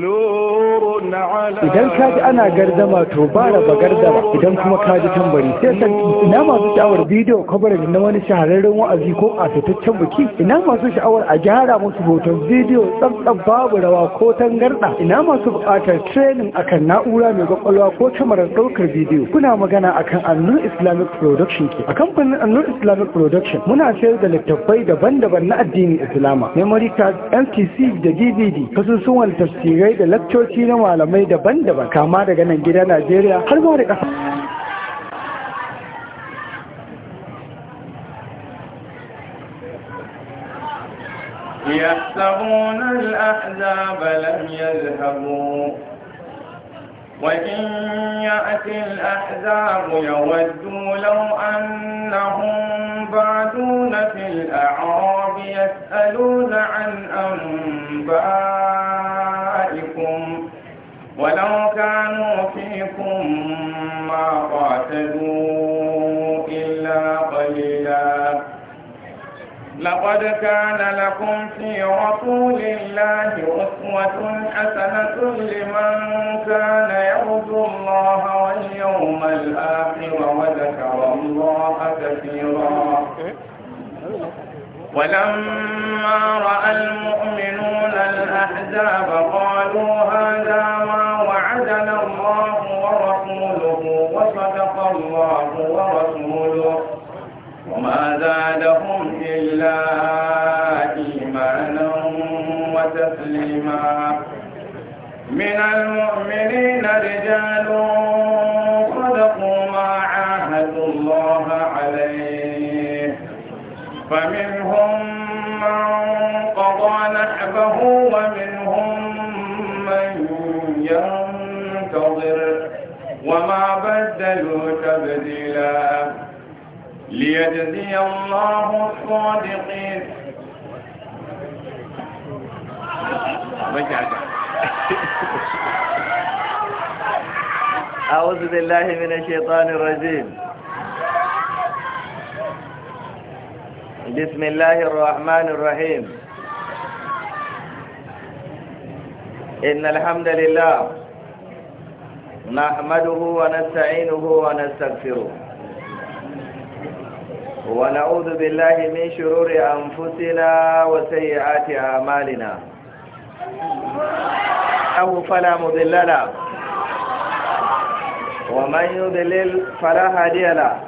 نور idan ka ji ana gardama to ba raba gardama idan kuma ka ji tambari sai san ina masu sha'awar bidiyo kabar na wani shahararren wa'azi ko asataccen biki ina masu sha'awar a gyara musu hoton bidiyo tsantsan babu rawa ko tangarda ina masu buƙatar training akan na'ura mai kwakwalwa ko kamarar ɗaukar bidiyo kuna magana akan annur islamic production ke a kamfanin annur islamic production muna sayar da littattafai daban-daban na addinin islama memory card mtc da dvd kasusuwan tafsirai da lakcoci na malamai daban-daban kama daga nan gida Najeriya har zuwa da ƙasa. يحسبون الأحزاب لم يذهبوا وإن يأتي الأحزاب يودوا لو أنهم بعدون في الأعراب يسألون عن أنبائكم ولو كانوا فيكم ما قاتلوا إلا قليلا لقد كان لكم في رسول الله أسوة حسنة لمن كان يرجو الله واليوم الآخر وذكر الله كثيرا ولما رأى المؤمنون الأحزاب قالوا هذا ما وعدنا الله ورسوله وصدق الله ورسوله وما زادهم إلا إيمانا وتسليما من المؤمنين رجال صدقوا ما عاهدوا الله عليه فمنهم من قضى نحبه ومنهم من ينتظر وما بدلوا تبديلا ليجزي الله الصادقين أعوذ بالله من الشيطان الرجيم بسم الله الرحمن الرحيم إن الحمد لله نحمده ونستعينه ونستغفره ونعوذ بالله من شرور أنفسنا وسيئات أعمالنا أو فلا مضل له ومن يضلل فلا هادي له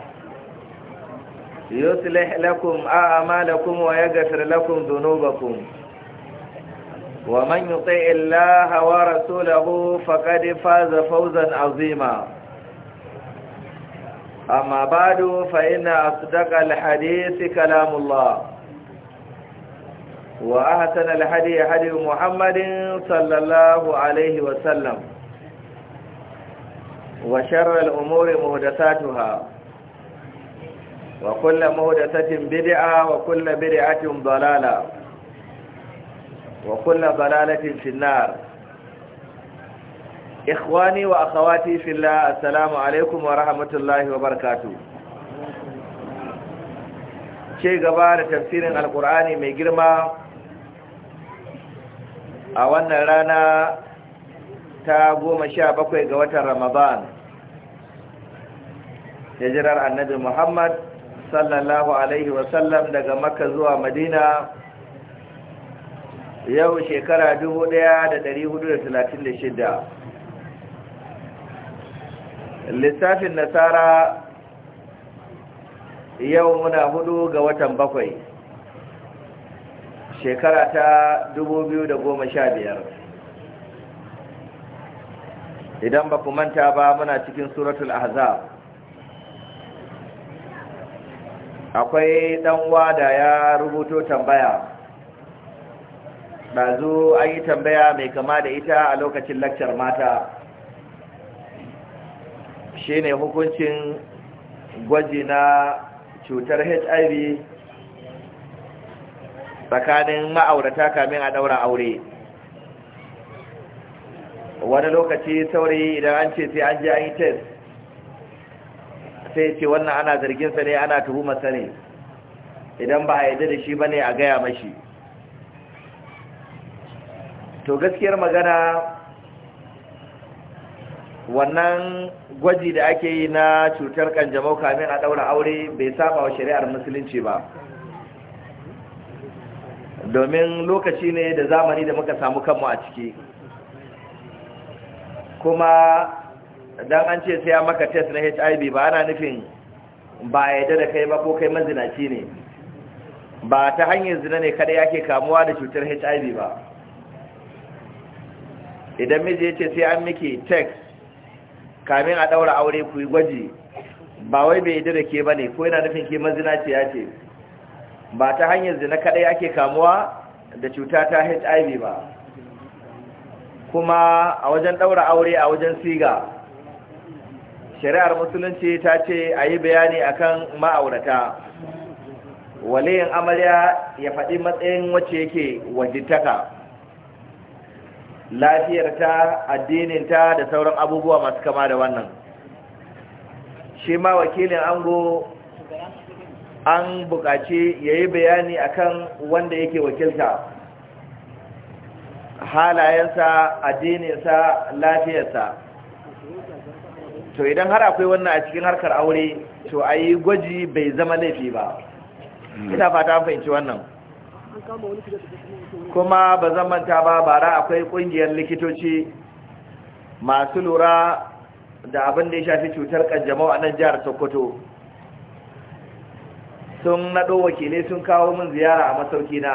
yuslih a'a a'malakum wa yaghfir lakum dhunubakum wa man yuti' Allah wa rasulahu faqad faza fawzan 'azima amma ba'du fa inna asdaq al-hadith kalamullah wa ahsan al-hadith hadith sallallahu alayhi wa sallam wa sharra al-umuri muhdathatuha wa kulle mahudatatin bid'a wa kulle bid'atin dalala wa kulle dalalatin finnar ikhwani wa akhawati fillah assalamu alaikum wa rahmatullahi wa barakatuh ce gaba da tafsirin alqur'ani mai girma a wannan rana ta goma sha bakwai ga watan ramadan hijirar annabi muhammad sallallahu alaihi wasallam daga makka zuwa madina yau shekara dubu ɗaya da da shida. lissafin nasara yau muna hudu ga watan bakwai shekara ta dubu biyu da goma sha biyar. idan ba ku manta ba muna cikin suratul ahzab akwai ɗanwa da ya rubuto tambaya ɗazu an yi tambaya mai kama da ita a lokacin lakcar mata shi ne hukuncin gwaji na cutar hiv tsakanin ma'aurata kamin a ɗaura aure wani lokaci saurayi idan an ce sai an ji an yi test sai ce wannan ana zarginsa ne ana tuhumarsa ne idan ba a yadda da shi ba ne a gaya mashi to gaskiyar magana wannan gwaji da ake yi na cutar kanjamau kamin a ɗaura aure bai saba wa shari'ar musulunci ba domin lokaci ne da zamani da muka samu kanmu a ciki kuma dan an ce sai ya maka test na HIV ba ana nufin ba ya da kai ba ko kai mazinaci ne ba ta hanyar zina ne kada yake kamuwa da cutar HIV ba idan miji ya ce sai an miki text kamin a daura aure ku yi gwaji ba wai bai yi da ke ba ne ko yana nufin ke mazinaci ya ce ba ta hanyar zina kada yake kamuwa da cuta ta HIV ba kuma a wajen daura aure a wajen siga shari'ar musulunci ta ce a yi bayani akan ma'aurata waliyin amarya ya faɗi matsayin wacce yake wajitaka lafiyarta addininta da sauran abubuwa masu kama da wannan shi ma wakilin ango an buƙaci ya yi bayani akan wanda yake wakilta halayensa addininsa lafiyarsa to idan har akwai wannan a cikin harkar aure to a yi gwaji bai zama laifi ba ina fata fahimci wannan kuma ba zan manta ba bara akwai kungiyar likitoci masu lura da abin da ya shafi cutar kanjamau a nan jihar sokoto sun naɗo wakilai sun kawo min ziyara a masauki na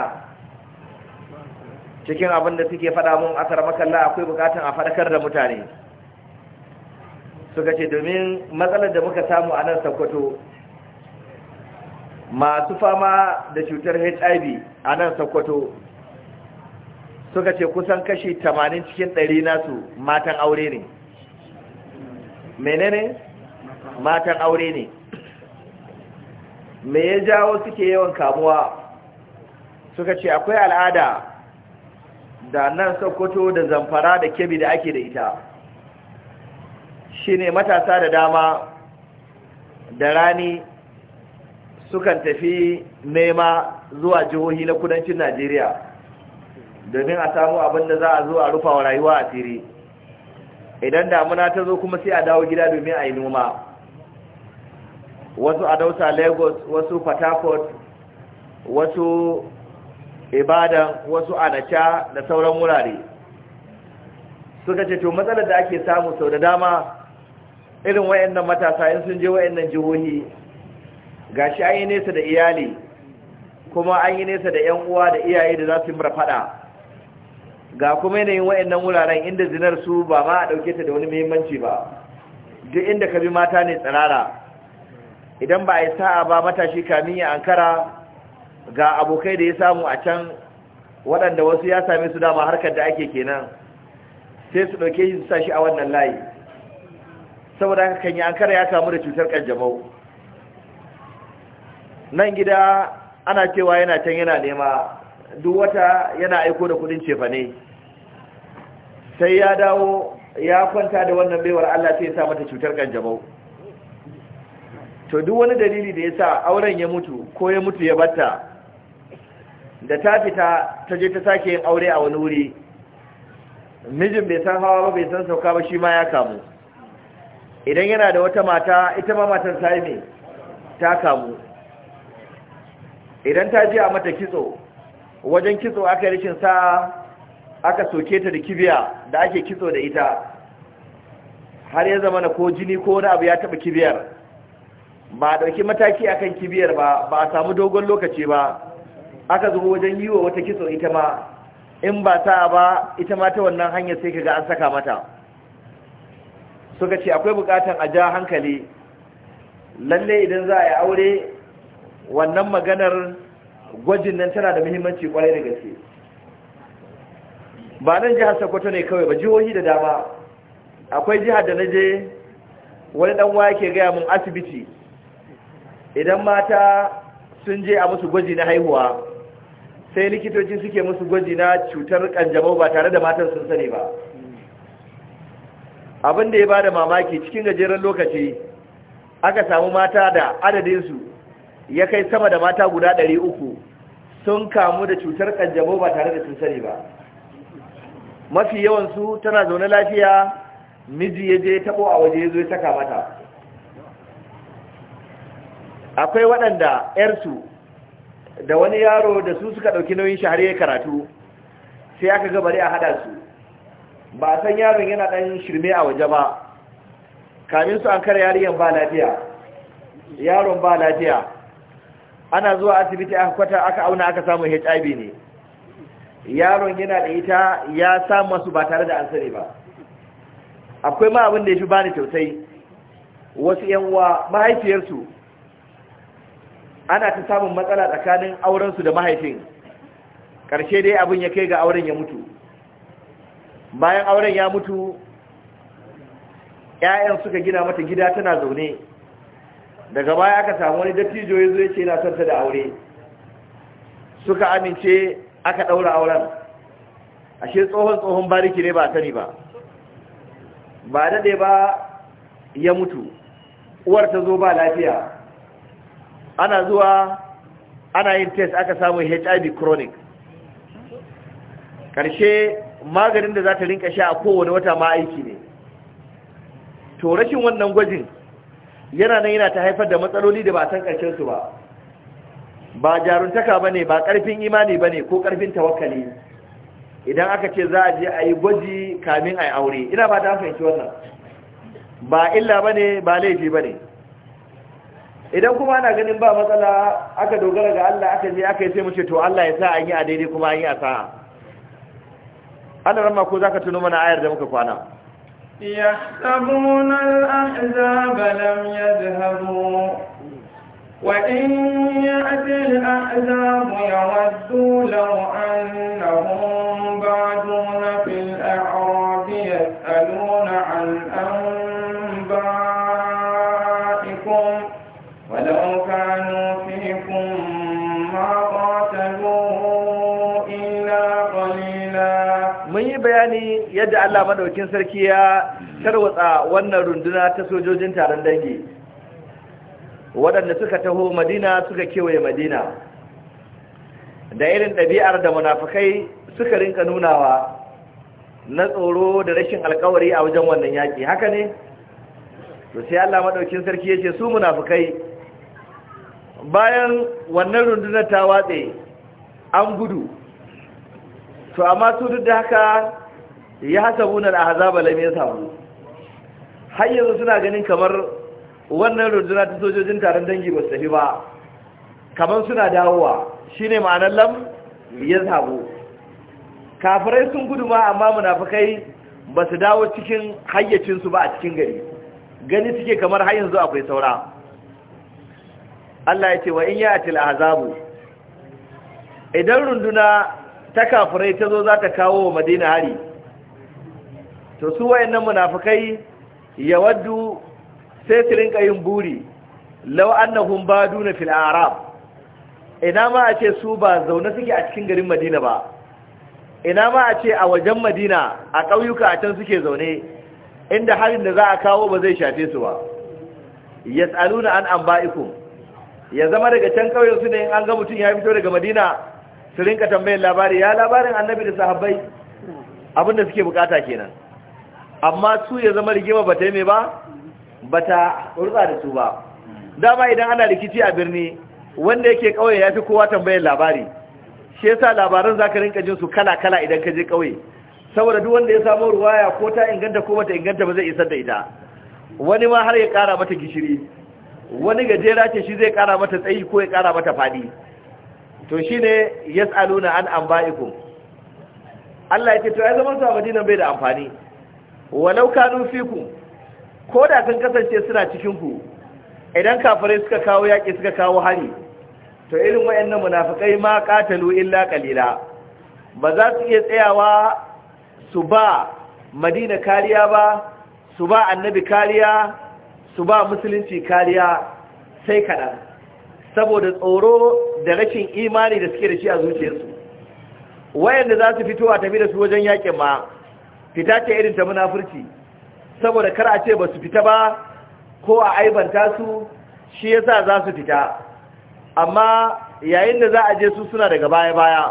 cikin abin da suke faɗa mun asar makalla akwai bukatun a faɗakar da mutane suka ce domin matsalar da muka samu a nan Sokoto masu fama da cutar HIV a nan Sokoto suka ce kusan kashi 80 cikin 100 nasu matan aure ne menene matan aure ne me ya jawo suke yawan kamuwa suka ce akwai al'ada da nan Sokoto da Zamfara da Kebbi da ake da ita Shi ne matasa da dama da rani sukan tafi nema zuwa jihohi na kudancin Najeriya domin a samu abin da za a zo a rufa rayuwa a tiri idan damuna ta zo kuma sai a dawo gida domin a yi noma wasu a dausa lagos wasu patakot wasu ibadan wasu anacha da sauran wurare suka ce to matsalar da ake samu sau da dama irin wayannan matasa in sun je wayannan jihohi gashi an yi nesa da iyali kuma an yi nesa da yan uwa da iyaye da za su mura fada ga kuma yanayin wayannan wuraren inda zinar su ba ma a dauke ta da wani muhimmanci ba duk inda ka bi mata ne tsirara idan ba a yi sa'a ba matashi kamin ya ankara ga abokai da ya samu a can waɗanda wasu ya same su dama harkar da ake kenan sai su ɗauke shi su sa shi a wannan layi saboda haka kan yi, yankara ya kamu da cutar kanjamau nan gida ana cewa yana can yana nema duk wata yana aiko da kudin cefane sai ya dawo ya kwanta da wannan baiwar Allah sai ya sa mata cutar kanjamau to duk wani dalili da ya sa auren ya mutu ko ya mutu ya batta da ta fita ta je ta sake yin aure a wani wuri mijin bai san hawa ba bai san sauka ba shi ma ya kamu idan yana da wata mata ita ma matar ta yi ta kamu idan ta ji a mata kitso wajen kitso aka rikin sa aka soke ta da kibiya da ake kitso da ita har ya zama na ko jini ko wani abu ya taba kibiyar ba a ɗauki mataki a kan kibiyar ba ba a samu dogon lokaci ba aka zo wajen yi wa wata kitso ita ma in ba ta ba ita ma ta wannan hanyar sai ka ga an saka mata suka ce akwai bukatan a ja hankali lalle idan za a yi aure wannan maganar gwajin nan tana da muhimmanci kwarai da gaske ba nan jihar sokoto ne kawai ba jihohi da dama akwai jihar da na je wani dan waya ke gaya mun asibiti idan mata sun je a musu gwaji na haihuwa sai likitoci suke musu gwaji na cutar kanjamau ba tare da matan sun sani ba abin da ya ba da mamaki cikin gajeren lokaci aka samu mata da adadinsu ya kai sama da mata guda ɗari uku sun kamu da cutar kanjamau ba tare da sun sani ba mafi yawansu tana zaune lafiya miji ya je tabo a waje ya zo ya saka mata akwai waɗanda 'yarsu da wani yaro da su suka ɗauki nauyin shahar ya karatu sai aka ga bari a haɗa su ba a san yaron yana ɗan shirme a waje ba kamin su an kare yariyan ba lafiya yaron ba lafiya ana zuwa asibiti aka kwata aka auna aka samu hiv ne yaron yana da ita ya samu su ba tare da an sani ba akwai ma abin da ya fi bani tausayi wasu 'yan uwa mahaifiyarsu ana ta samun matsala tsakanin aurensu da mahaifin ƙarshe dai abin ya kai ga auren ya mutu bayan auren ya mutu 'ya'yan suka gina mata gida tana zaune daga baya aka samu wani dattijo ya zo ya ce na son da aure suka amince aka ɗaura auren ashe tsohon tsohon bariki ne ba sani ba ba daɗe ba ya mutu uwar ta zo ba lafiya ana zuwa ana yin test aka samu hiv chronic ƙarshe maganin da za ta rinka sha a kowane wata ma aiki ne to rashin wannan gwajin yana nan yana ta haifar da matsaloli da ba san karshen su ba ba jaruntaka ba ne ba ƙarfin imani ba ne ko ƙarfin tawakkali idan aka ce za a je a yi gwaji kamin a yi aure ina ba ta fahimci wannan ba illa ba ne ba laifi ba ne idan kuma ana ganin ba matsala aka dogara ga Allah aka je aka yi sai mu ce to Allah ya sa an yi a daidai kuma an yi a sa'a an rama ko za ka tuno mana ayar da muka kwana ya sabuna al'azaba lam yadhabu wa in ya'til al'azabu yawaddu law annahum yadda Allah madaukin sarki ya tarwatsa wannan runduna ta sojojin taron dangi waɗanda suka taho madina suka kewaye madina da irin ɗabi'ar da munafukai suka rinka nunawa na tsoro da rashin alkawari a wajen wannan yaƙi haka ne to sai Allah madaukin sarki ya ce su munafukai bayan wannan runduna ta watse an gudu to amma su duk da haka ya a hazaba ahzaba ya samu har yanzu suna ganin kamar wannan runduna ta sojojin taron dangi ba su tafi ba kamar suna dawowa shine ma'anar lam samu kafirai sun gudu ma amma munafukai ba su dawo cikin hayyacinsu ba a cikin gari gani suke kamar har yanzu akwai saura Allah ya ce wa in ya'ti al-ahzabu idan runduna ta kafirai ta zo za ta kawo wa Madina hari to su nan munafikai ya waddu sai su rinka yin buri law annahum baduna fil a'rab ina ma a ce su ba zaune suke a cikin garin Madina ba ina ma a ce a wajen Madina a ƙauyuka a can suke zaune inda harin da za a kawo ba zai shafe su ba yas'aluna an anba'ikum ya zama daga can kauyen su ne in an ga mutum ya fito daga Madina su rinka tambayar labari ya labarin Annabi da sahabbai abinda suke bukata kenan amma su ya zama rigima ba ta yi mai ba ba ta rutsa da su ba dama idan ana rikici a birni wanda yake kauye ya fi kowa tambayar labari shi yasa labaran za ka rinka jinsu su kala-kala idan ka je kauye saboda duk wanda ya samu ruwaya ko ta inganta ko bata inganta ba zai isar da ita wani ma har ya kara mata gishiri wani gajera ce shi zai kara mata tsayi ko ya kara mata fadi to shine yas'aluna an anba'ikum Allah ya ce to ai zaman su Madina bai da amfani walau kanu fikum ko da kan kasance suna cikin ku idan kafirai suka kawo yaki suka kawo hari to irin wayannan munafikai ma katalu illa qalila ba za su iya tsayawa su ba madina kariya ba su ba annabi kariya su ba musulunci kariya sai kaɗan saboda tsoro da rashin imani da suke da shi a zuciyarsu wayanda za su fito a tafi da su wajen yakin ma fita ce irin ta munafurci saboda kar a ce ba su fita ba ko a aibanta su shi yasa za su fita amma yayin da za a je su suna daga baya-baya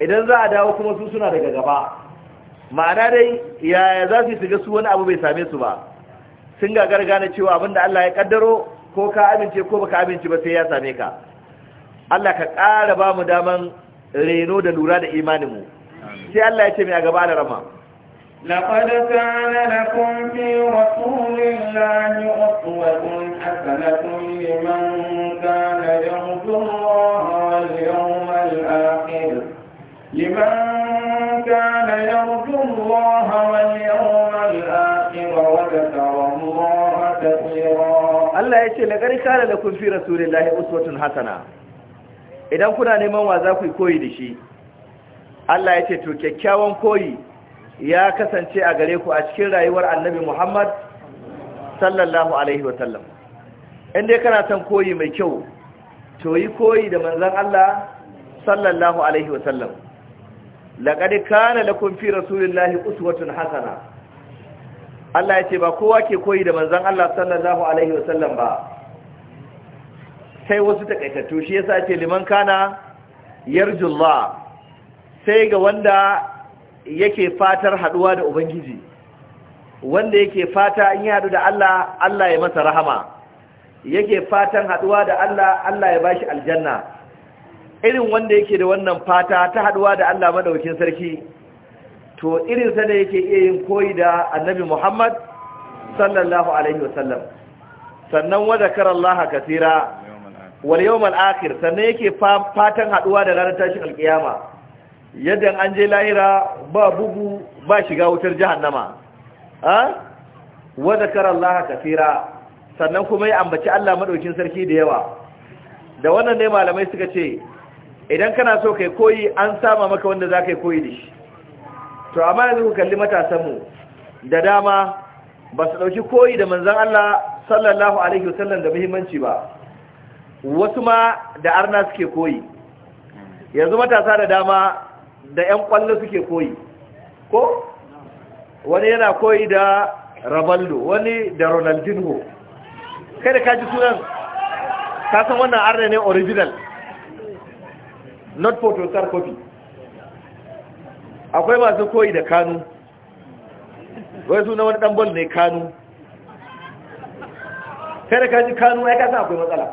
idan za a dawo kuma su suna daga gaba ma'ana dai yaya za su shiga su wani abu bai same su ba sun gagar gane cewa abinda Allah ya kaddaro ko ka amince ko baka amince ba sai ya same ka Allah ka ƙara ba mu daman reno da lura da imaninmu sai Allah ya ce mai a gaba da rama لقد كان لكم في رسول الله أسوة حسنة لمن كان يرجو الله واليوم الآخر لمن كان يرجو الله واليوم الآخر وذكر الله كثيرا الله يقول لقد كان لكم في رسول الله أسوة حسنة idan kuna neman wa za ku yi koyi da shi Allah ya ce to kyakkyawan koyi ya kasance a gare ku a cikin rayuwar annabi Muhammad sallallahu alaihi wasallam inda kana son koyi mai kyau to yi koyi da manzan Allah sallallahu alaihi wasallam laqad kana kun fi rasulillahi uswatun hasana Allah ya ce ba kowa ke koyi da manzan Allah sallallahu alaihi wasallam ba sai wasu takaitattu shi sa ce liman kana yarjullah sai ga wanda yake fatar haduwa da ubangiji wanda yake fata in ya haɗu da Allah Allah ya masa rahama yake fatan haduwa da Allah Allah ya bashi aljanna irin wanda yake da wannan fata ta haduwa da Allah madaukakin sarki to irin sa ne yake iya yin koyi da Annabi Muhammad sallallahu alaihi wasallam sannan wa zakarallaha kaseera wal yawmal akhir sannan yake fatan haduwa da ranar tashin alkiyama yadda an je lahira ba bugu ba shiga wutar jahannama a wa zakara Allah katira sannan kuma ya ambaci Allah madaukin sarki da yawa da wannan ne malamai suka ce idan kana so kai koyi an sama maka wanda za ka yi koyi da shi to amma yanzu ku kalli matasanmu da dama ba su ɗauki koyi da manzan Allah sallallahu alaihi wasallam da muhimmanci ba wasu ma da arna suke koyi yanzu matasa da dama da 'yan kwallo suke koyi ko wani yana koyi da rabaldo wani da ronaldinho kai da kaji sunan kasan wannan arna ne original not photo star copy akwai masu koyi da kanu wai suna wani ɗan bol ne kanu kai da kaji kanu ya kasa akwai matsala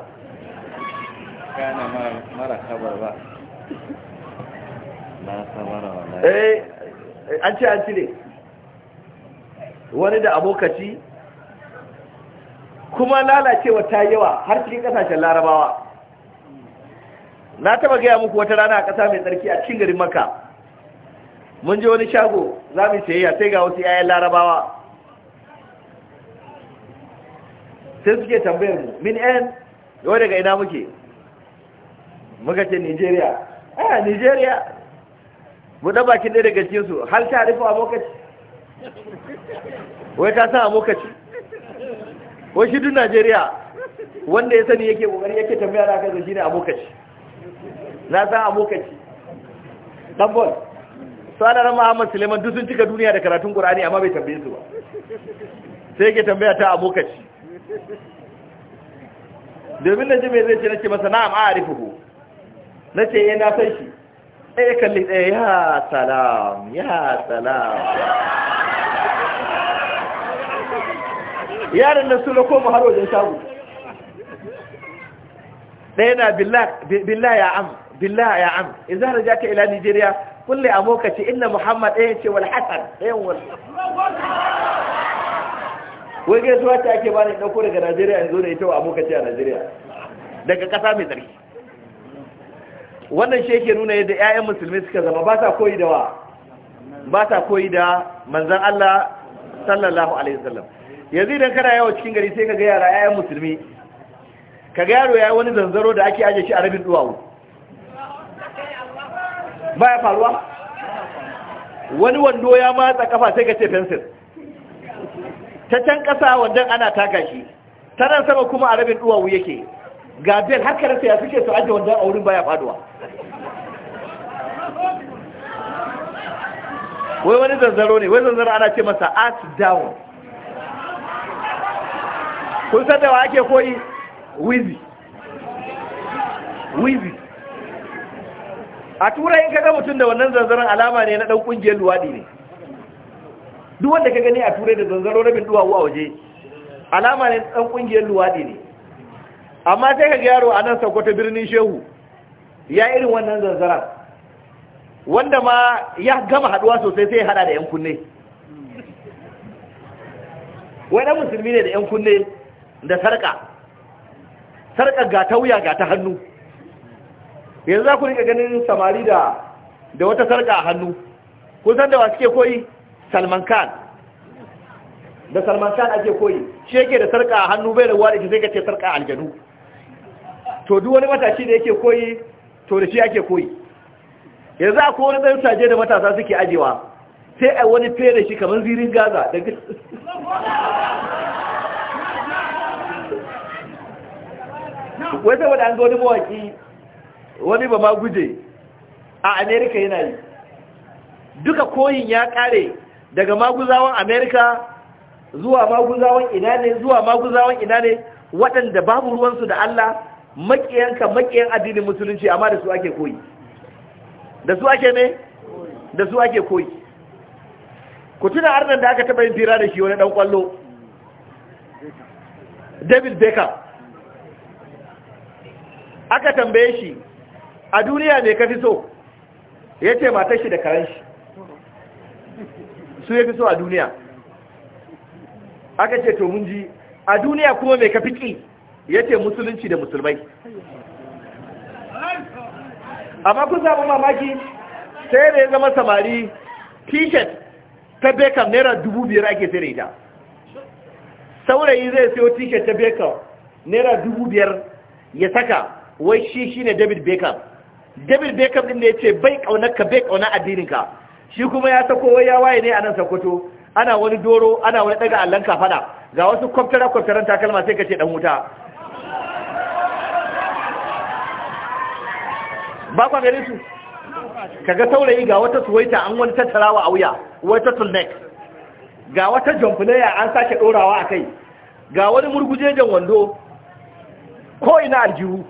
kana mara Eh, eh an ce an cire wani da abokaci kuma lalacewa ta yawa har cikin kasashen larabawa na taba gaya muku wata rana a kasa mai tsarki a cikin garin maka mun je wani shago za mu sayayya sai ga wasu yayan larabawa sai suke tambayar mu min yan yau daga ina muke muka ce nigeria aya ah, nigeria buɗe bakin ɗaya daga cikin su hal ta rufe abokaci wai ka san abokaci wai shi duk najeriya wanda ya sani yake ƙoƙari yake tambaya da kansa a abokaci na san abokaci dan bol sanar Muhammad Suleiman duk sun cika duniya da karatun Qur'ani amma bai tambaye su ba sai yake tambaya ta abokaci domin na ji me zai ce nake masa na'am a'rifuhu nace eh na san shi ɗaya kalli ɗaya ya salam ya salam yaran nan suna koma har wajen shago ɗaya na billah ya am billah ya am idan raja ka ila nigeria kulle a mokaci inna muhammad ɗaya ce wal hasan ɗayan wal wai gaisuwa ta ake bani ɗauko daga najeriya zo da ita wa mokaci a najeriya daga ƙasa mai tsarki wannan shi yake nuna yadda 'ya'yan musulmi suka zama ba sa koyi da wa ba sa koyi da manzan Allah sallallahu alaihi wasallam yanzu idan kana yawo cikin gari sai ka ga yara 'ya'yan musulmi ka ga yaro yayi wani zanzaro da ake aje shi a rabin duwawu ba ya faruwa wani wando ya matsa kafa sai ka ce fensir ta can kasa wandon ana taka shi ta sama kuma a rabin duwawu yake ga bel har ya suke su aje wanda a wurin baya faduwa wai wani zanzaro ne wai zanzaro ana ce masa art down kun san da wa ake koyi wizi wizi a turai in kaga mutum da wannan zanzaron alama ne na dan kungiyar luwadi ne duk wanda ka gani a turai da zanzaro rabin duwawu a waje alama ne dan kungiyar luwadi ne amma sai ka yaro a nan ta birnin shehu ya irin wannan zanzara wanda ma ya gama haduwa sosai sai ya hada da yan kunne wadda musulmi ne da yan kunne da sarka sarka ga ta wuya ga ta hannu yanzu za ku rika ganin samari da da wata sarka a hannu kun san da wa suke koyi salman khan da salman khan ake koyi shi yake da sarka a hannu bai da ke sai ka ce sarka aljanu to duk wani matashi da yake koyi to da shi ake koyi yanzu a kowane ɗan saje da matasa suke ajewa sai a wani fere shi kamar zirin gaza daga wai wani an zo wani mawaki wani ba ma guje a amerika yana yi duka koyin ya kare daga maguzawan amerika zuwa maguzawan ina ne zuwa maguzawan ina ne waɗanda babu ruwansu da allah makiyanka makiyan addinin musulunci amma da su ake koyi da su ake ne da su ake koyi ku tuna arnan da aka taba yin fira da shi wani dan kwallo david Becker aka tambaye shi a duniya ne ka fi so ya ce matar shi da karen shi su ya fi so a duniya aka ce to mun ji a duniya kuma mai ka fi ƙi ya ce musulunci da musulmai amma kun samu mamaki sai da ya zama samari t-shirt ta bekam naira dubu biyar ake sai da ita saurayi zai sayo t-shirt ta bekam naira dubu biyar ya saka wai shi shi ne david bekam david bekam din da ya ce bai kaunarka bai kaunar addininka shi kuma ya sako wai ya waye ne a nan sakoto ana wani doro ana wani daga allon kafada ga wasu kwamfara kwamtaran takalma sai ka ce ɗan wuta ba kwa gare su kaga saurayi ga wata suwaita an wani tattarawa a wuya wata tulnek ga wata jamfulaya an sake ɗorawa a kai ga wani murgujejen wando ko ina aljihu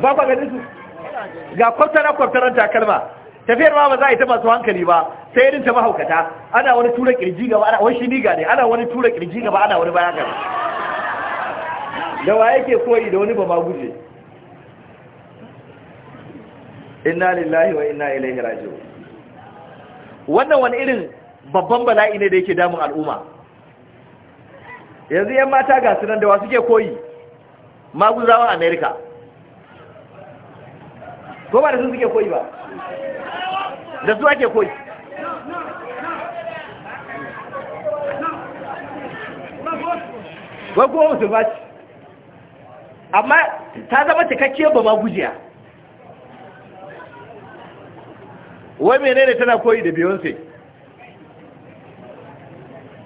ba kwa gare su ga kwaftarar kwaftarar takalma tafiyar ma ba za a yi ta masu hankali ba sai irin ta mahaukata ana wani tura kirji gaba ana wani shini ne ana wani tura kirji gaba ana wani baya gaba da wa yake koyi da wani ba ma guje inna lillahi wa inna ilaihi raji'un wannan wani irin babban bala'i ne da yake damun al'umma yanzu yan mata ga sunan da wasu suke koyi maguzawan america ko ba da su suke koyi ba da su ake koyi ba kuma musulma ce amma ta zama cikakkiyar ba ma gujiya wai menene tana koyi da beyonce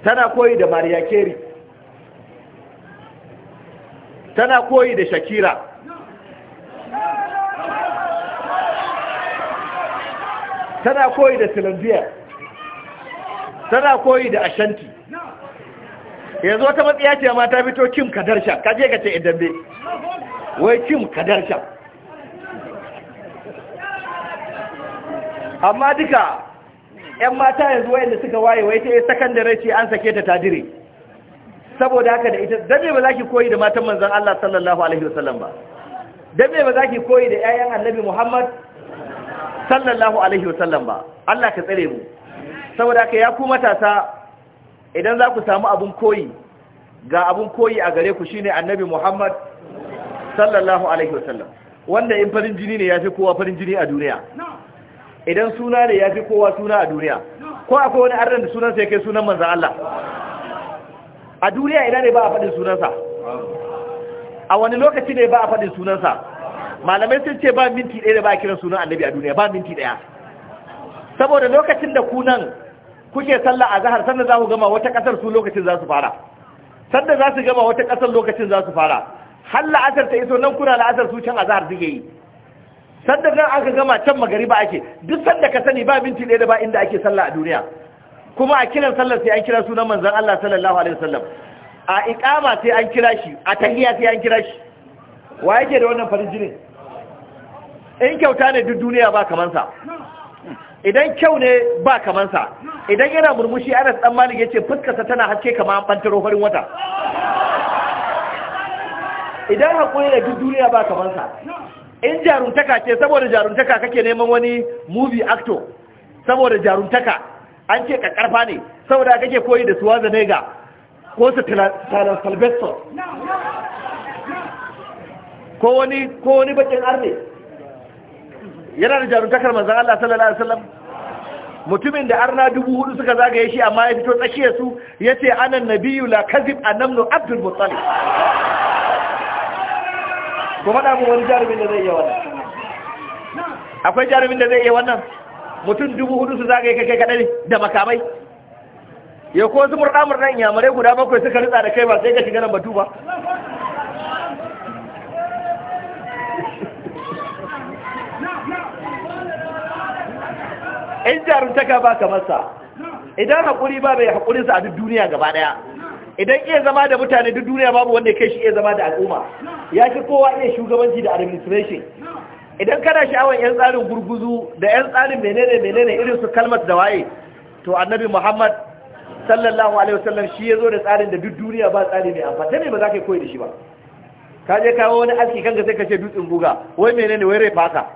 tana koyi da mariya carey tana koyi da shakira tana koyi da silambiya tana koyi da ashanti yanzu wata matsiya ce ma ta fito kim kadarsha ka je ka ce idanbe eh, wai kim kadarsha amma duka yan mata yanzu wayanda suka waye wai ta yi sakandare ce an sake ta tadire saboda haka da ita zan ba za ki koyi da matan manzan Allah sallallahu alaihi wasallam ba dan ba za ki koyi da ƴaƴan Annabi Muhammad sallallahu alaihi wasallam ba Allah ka tsare mu saboda ka ya ku matasa idan za ku samu abun koyi ga abun koyi a gare ku shine annabi Muhammad sallallahu alaihi wasallam wanda in farin jini ne ya fi kowa farin jini a duniya idan suna ne ya fi kowa suna a duniya ko akwai wani arnan da sunansa ya kai sunan manzan Allah a duniya ina ne ba a faɗin sunansa a wani lokaci ne ba a faɗin sunansa malamai sun ce ba minti ɗaya da ba kiran sunan annabi a duniya ba minti ɗaya saboda lokacin da ku nan kuke sallah a zahar sanda za ku gama wata ƙasar su lokacin za su fara sanda za su gama wata ƙasar lokacin za su fara har la'asar ta iso nan kuna la'asar su can a zahar suke yi sanda nan aka gama can magari ba ake duk sanda ka sani ba minti ɗaya da ba inda ake sallah a duniya kuma a kiran sallar sai an kira sunan manzon Allah sallallahu alaihi wasallam a iqama sai an kira shi a tahiyya sai an kira shi wa yake da wannan farin jinin in kyauta ne duk duniya ba kamansa idan kyau ne ba kamansa idan yana murmushi ana tsammani ya ce fuskarsa tana haske kamar an bantaro farin wata idan haƙuri da duk duniya ba kamansa in jaruntaka ce saboda jaruntaka kake neman wani movie actor saboda jaruntaka an ce kakarfa ne saboda kake koyi da suwa ga ko su talar salvestor ko wani bakin arne yana da jarumtakar manzan Allah sallallahu alaihi wasallam mutumin da arna dubu hudu suka zagaye shi amma ya fito tsakiyar su yace anan Biyu la a namnu abdul muttalib ko faɗa mu wani jarumin da zai iya wannan akwai jarumin da zai iya wannan mutum dubu hudu su zagaye kai kai kadai da makamai ya ko su murɗa murɗan yamare guda bakwai suka ritsa da kai ba sai ka shiga nan batu ba in jaruntaka ba ka masa idan haƙuri ba bai haƙurinsa a duk duniya gaba ɗaya idan iya zama da mutane duk duniya babu wanda kai shi iya zama da al'umma ya fi kowa iya shugabanci da administration idan kana sha'awar 'yan tsarin gurguzu da 'yan tsarin menene menene irin su kalmat da waye to annabi muhammad sallallahu alaihi wasallam shi ya zo da tsarin da duk duniya ba tsari mai amfani ne ba za ka koyi da shi ba ka je kawo wani aski kanka sai ka ce dutsen guga wai menene wai rai faka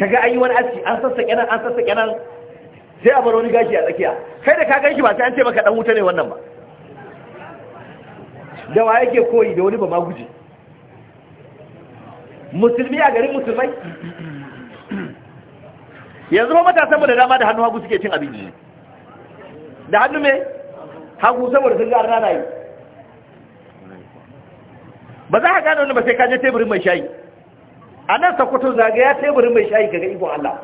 kaga ayi wani aski an sassake nan an sassake nan sai a bar wani gashi a tsakiya kai da ka ganshi ba sai an ce maka dan wuta ne wannan ba da wa yake koyi da wani ba ma guje musulmi a garin musulmai yanzu ba matasan mu da dama da hannu hagu suke cin abinci da hannu me hagu saboda sun ga rana yi ba za ka gane wani ba sai ka je teburin mai shayi a nan sakwato zagaya teburin mai shayi kaga ikon Allah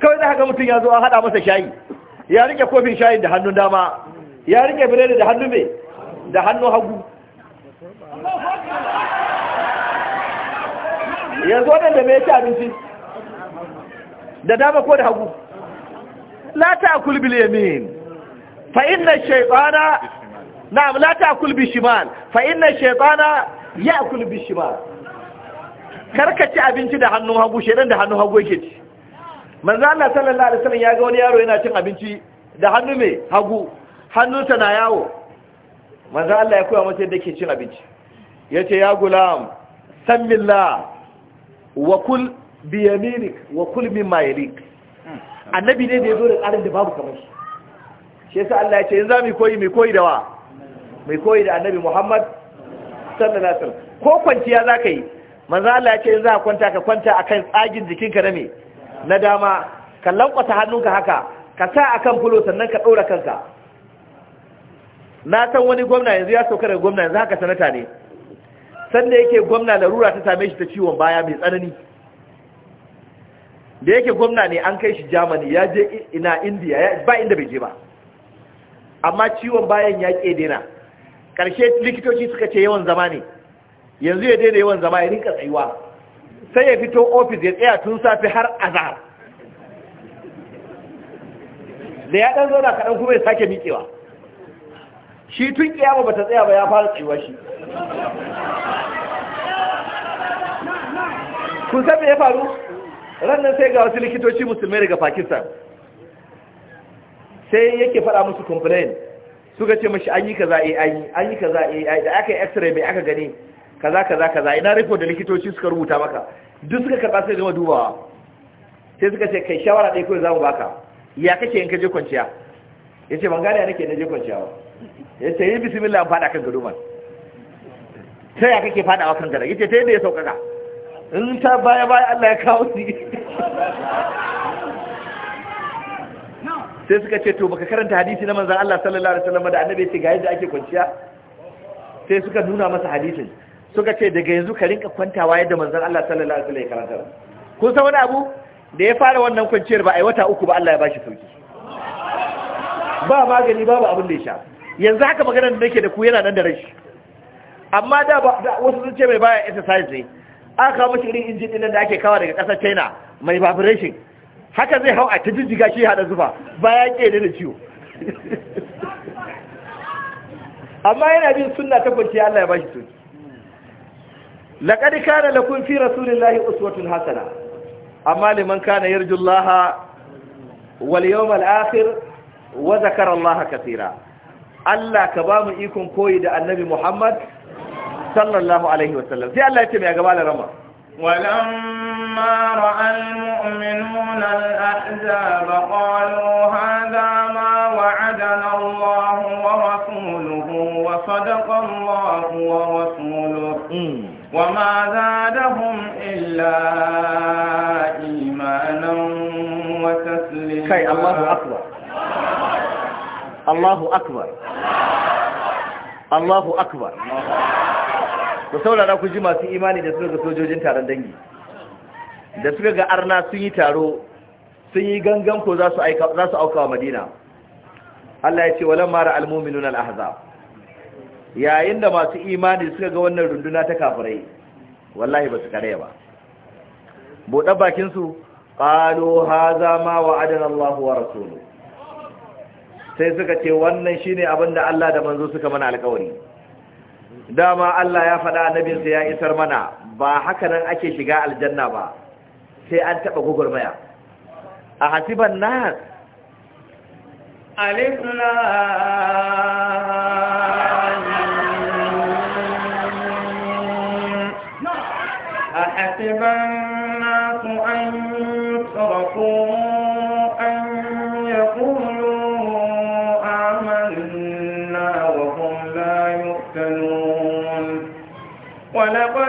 kawai za ka ga mutum ya zo an haɗa masa shayi ya rike kofin shayi da hannun dama ya rike biredi da hannun mai da hannun hagu yanzu da mai ci abinci da dama ko da hagu la ta akul bil yamin fa inna shaytana na'am la ta akul bi shimal fa inna shaytana ya akulu bishima ci abinci da hannun hagu shedan da hannun hagu yake ci manzo Allah sallallahu alaihi wasallam ya ga wani yaro yana cin abinci da hannu mai hagu hannunsa na yawo manzo Allah ya koya masa yadda yake cin abinci yace ya gulam sammillah wa kul bi yaminik wa kul mimma yalik annabi ne da yazo da tsarin da babu kamar shi shi yasa Allah ya ce yanzu mai koyi mai koyi da wa mai koyi da annabi Muhammad sallallahu ko kwanciya zaka yi manzala ya ce za ka kwanta ka kwanta akan tsagin jikinka na mai na dama ka lankwata hannunka haka ka sa a kan fulo sannan ka ɗora kanka na san wani gwamna yanzu ya sauka da gwamna yanzu haka sanata ne sanda yake gwamna larura ta same shi ta ciwon baya mai tsanani da yake gwamna ne an kai shi jamani ya je ina india ba inda bai je ba amma ciwon bayan ya ke dena karshe likitoci suka ce yawan zama ne yanzu ya daina yawan zama ya rinka tsayuwa sai ya fito ofis ya tsaya tun safi har azhar da ya dan zauna kaɗan kuma ya sake miƙewa shi tun kiyama ba ta tsaya ba ya fara tsayuwa shi kun san me ya faru rannan sai ga wasu likitoci musulmai daga pakistan sai yake faɗa musu complain suka ce mashi an yi ka za eh, a yi an yi a yi eh, da aka yi x-ray mai aka gani kaza kaza kaza ina report da likitoci suka rubuta maka duk suka karɓa sai gama dubawa sai suka ce kai shawara ɗaya kawai za mu baka ya kake in ka je kwanciya ya ce ban ne ya nake na je kwanciya ba ya ce yi bismillah an faɗa kan gado man ta ya kake faɗawa kan gado ya ce ta yadda ya sauƙaƙa in ta baya baya Allah ya kawo su sai suka ce to baka karanta hadisi na manzon Allah sallallahu alaihi wasallam da annabi ce ga yadda ake kwanciya sai suka nuna masa hadisin suka ce daga yanzu ka rinka kwantawa yadda manzon Allah sallallahu alaihi wasallam ya karanta kun san wani abu da ya fara wannan kwanciyar ba ai wata uku ba Allah ya bashi sauki ba magani babu abin da ya sha yanzu haka maganar da nake da ku yana nan da rashi amma da wasu sun ce mai baya exercise ne aka kawo mashi irin injin din da ake kawo daga ƙasar China mai vibration haka zai hau a ta jijjiga shi hada zufa baya ƙere da ciwo amma yana bin sunna ta kwanciya Allah ya bashi tuni laqad kana lakum fi rasulillahi uswatun hasana amma liman kana yarjullaha wal yawmal akhir wa zakara Laha katira Allah ka ba mu ikon koyi da annabi Muhammad sallallahu alaihi wasallam sai Allah ya ce mai gaba da rama ولما رأى المؤمنون الأحزاب قالوا هذا ما وعدنا الله ورسوله وصدق الله ورسوله وما زادهم إلا إيمانا وتسليما كي الله أكبر الله أكبر الله أكبر, الله أكبر. ku saurara ku ji masu imani da suka ga sojojin taron dangi da suka ga arna sun yi taro sun yi gangan ko za su auka wa madina Allah ya ce walan mara almuminun al'ahzab yayin da masu imani suka ga wannan runduna ta kafirai wallahi ba su kare ba buɗe bakinsu qalu haza ma wa Allah wa rasuluhu sai suka ce wannan shine abinda Allah da manzo suka mana alƙawari. dama Allah ya faɗa annabinsa ya isar mana ba haka nan ake shiga aljanna ba sai an taɓa gugurmaya a hasiban na alif lam ahasiban nas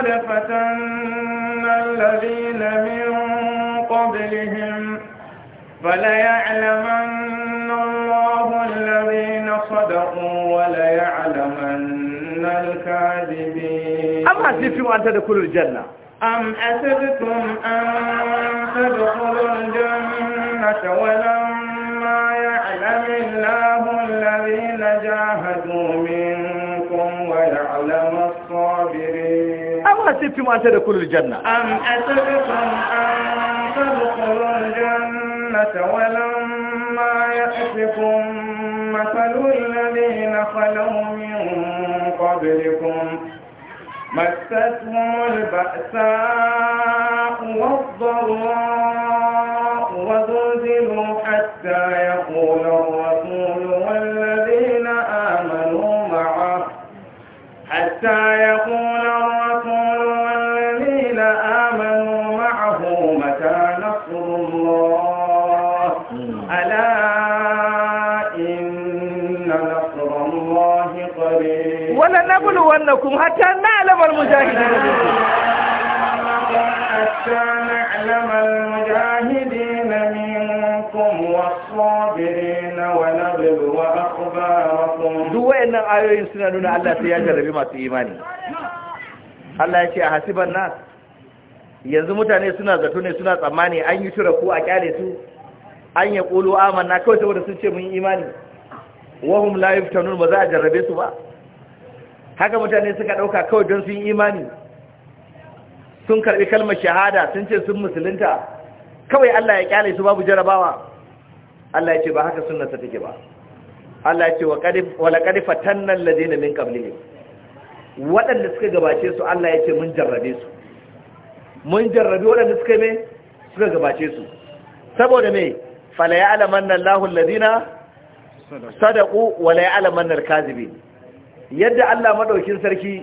لقد الذين من قبلهم فليعلمن الله الذين صدقوا وليعلمن الكاذبين أم حسبتم أن تدخلوا الجنة أم حسبتم أن تدخلوا الجنة ولما يعلم الله الذين جاهدوا منه أم حسبتم أن تدخلوا الجنة أم حسبتم أن تدخلوا الجنة ولما يأتكم مثل الذين خلوا من قبلكم مستهم البأساء والضراء وزلزلوا حتى يقول الرسول ونبلونكم wannan نعلم hatta na alamar المجاهدين منكم والصابرين ونبلو أخباركم دو وإن آيوين سنانون الله سيجر Allah ya ce a hasiban nan, yanzu mutane suna zato ne suna tsammani an yi tura ku a kyale su an yi ƙulu amanna kawai saboda sun ce mun imani wahum layu fitanun ba za a jarrabe su ba haka mutane suka ɗauka kawai don sun imani sun karɓi kalmar shahada sun ce sun musulunta kawai Allah ya kyale su babu jarabawa Allah ya ce ba haka sunnarsa take ba Allah ya ce wa laqad fatanna alladheena min qablihim waɗanda suka gabace su Allah ya ce mun jarrabe su mun jarrabe waɗanda suka me suka gabace su saboda me fala ya'lamanna Allahu alladheena sadaqu wa la ya'lamanna al-kadhibin yadda Allah maɗaukin sarki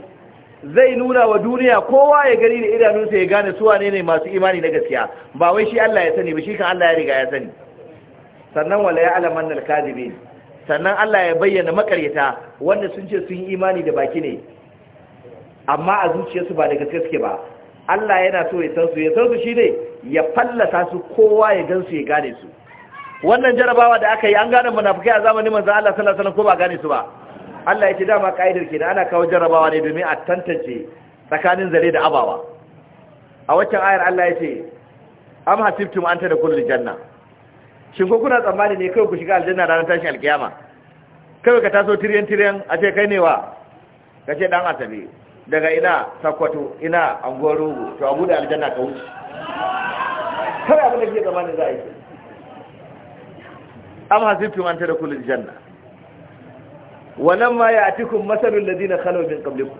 zai nuna wa duniya kowa ya gani da idanunsa ya gane su wane ne masu imani na gaskiya ba wai shi Allah ya sani ba shi kan Allah ya riga ya sani sannan wala ya alaman al sannan Allah ya bayyana makaryata wanda sun ce sun yi imani da baki ne amma a zuciyarsu ba da gaske suke ba Allah yana so ya san su ya san su shine ya fallasa su kowa ya gansu ya gane su wannan jarabawa da aka yi an gane munafikai a zamanin manzo Allah sallallahu alaihi wasallam ko ba gane su ba Allah ya ce dama ka'idar da ana kawo jarabawa ne domin a tantance tsakanin zare da abawa a waccan ayar Allah ya ce am hasibtum anta da kullu janna shin ko kuna tsammani ne kai ku shiga aljanna ranar tashin alkiyama kai ka taso tiryan tiryan a ce kai ne wa Ka ce dan asabe daga ina sakwato ina anguwar to abu da aljanna ka wuce kai abin da ke tsammanin za a yi am hasibtum anta da kullu janna walamma ya'tikum masalul da zina kalobin qablikum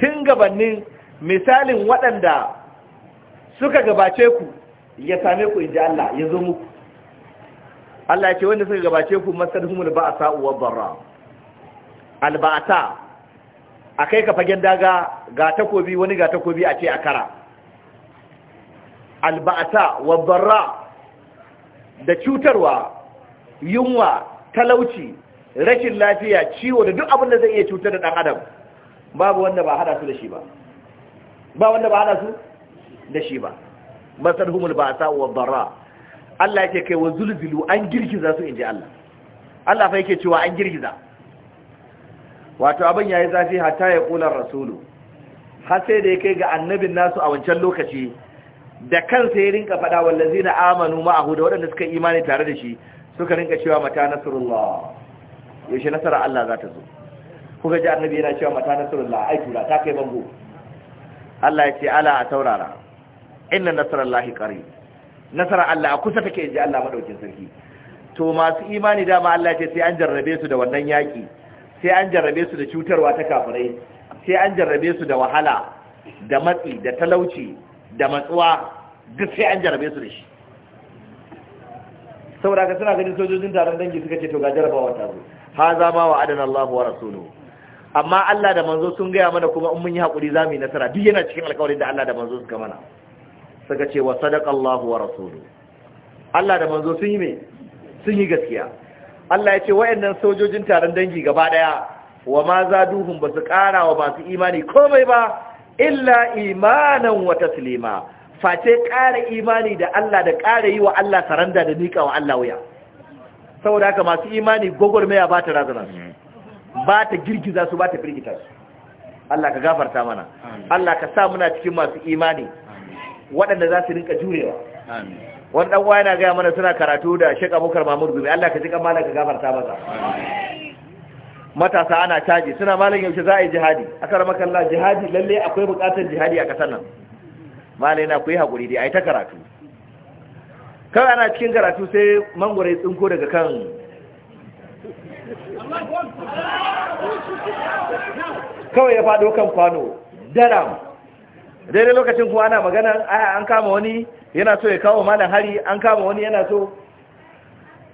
tun gabanin misalin waɗanda suka gabace ku ya same ku inji Allah ya zo muku Allah ya ce wanda suka gabace ku ba a sa’uwa barra alba'ata kai ka fagen daga ga takobi wani ga takobi a ce a kara alba'ata wa barra da cutarwa yunwa talauci rashin lafiya ciwo da duk abin da zai iya cutar da ɗan adam babu wanda ba hada su da shi ba ba wanda ba hada su da shi ba Masar humul ba a wa bara Allah yake kai wa zulzulu an girgiza su inji Allah Allah fa yake cewa an girgiza wato abin yayi zafi hatta ya kula rasulu har sai da yake ga annabin nasu a wancan lokaci da kansa ya rinka faɗa na amanu ma'ahu da waɗanda suka imani tare da shi suka rinka cewa mata nasrullah yaushe nasara Allah za ta zo kuka ji annabi yana cewa mata nasarullah ai tura ta kai bango Allah ya ce ala a taurara inna nasarallahi qarib nasara Allah a kusa take ji Allah madaukin sarki to masu imani dama Allah ce sai an jarrabe su da wannan yaki sai an jarrabe su da cutarwa ta kafirai sai an jarrabe su da wahala da matsi da talauci da matsuwa duk sai an jarrabe su da shi saboda ka suna ganin sojojin taron dangi suka ce to ga jarabawa ta zo haza ma wa adana Allah wa rasuluhu amma Allah da manzo sun gaya mana kuma in mun yi hakuri zamu yi nasara duk yana cikin alƙawarin da Allah da manzo suka mana suka ce wa sadaqa Allah wa rasuluhu Allah da manzo sun yi me sun yi gaskiya Allah ya ce wayannan sojojin taron dangi gaba daya wa ma zaduhum basu ƙara wa masu imani komai ba illa imanan wa taslima face ƙara imani da Allah da ƙara yi wa Allah saranda da miƙa wa Allah wuya saboda haka masu imani gwagwarmaya ba ta razana su ba ta girgiza su ba ta firgita su Allah ka gafarta mana Allah ka sa muna cikin masu imani waɗanda za su rinka jurewa wani ɗan yana gaya mana suna karatu da shek abokar mahmud gobe. Allah ka jika mana ka gafarta masa matasa ana caji suna malam yaushe za a yi jihadi A kar makalla jihadi lalle akwai bukatar jihadi a ƙasar nan malai na ku yi haƙuri dai a yi ta karatu kawai ana cikin karatu sai mangwara ya tsinko daga kan kawai ya faɗo kan kwano daram daidai lokacin kuma ana magana an kama wani yana so ya kawo malam hari an kama wani yana so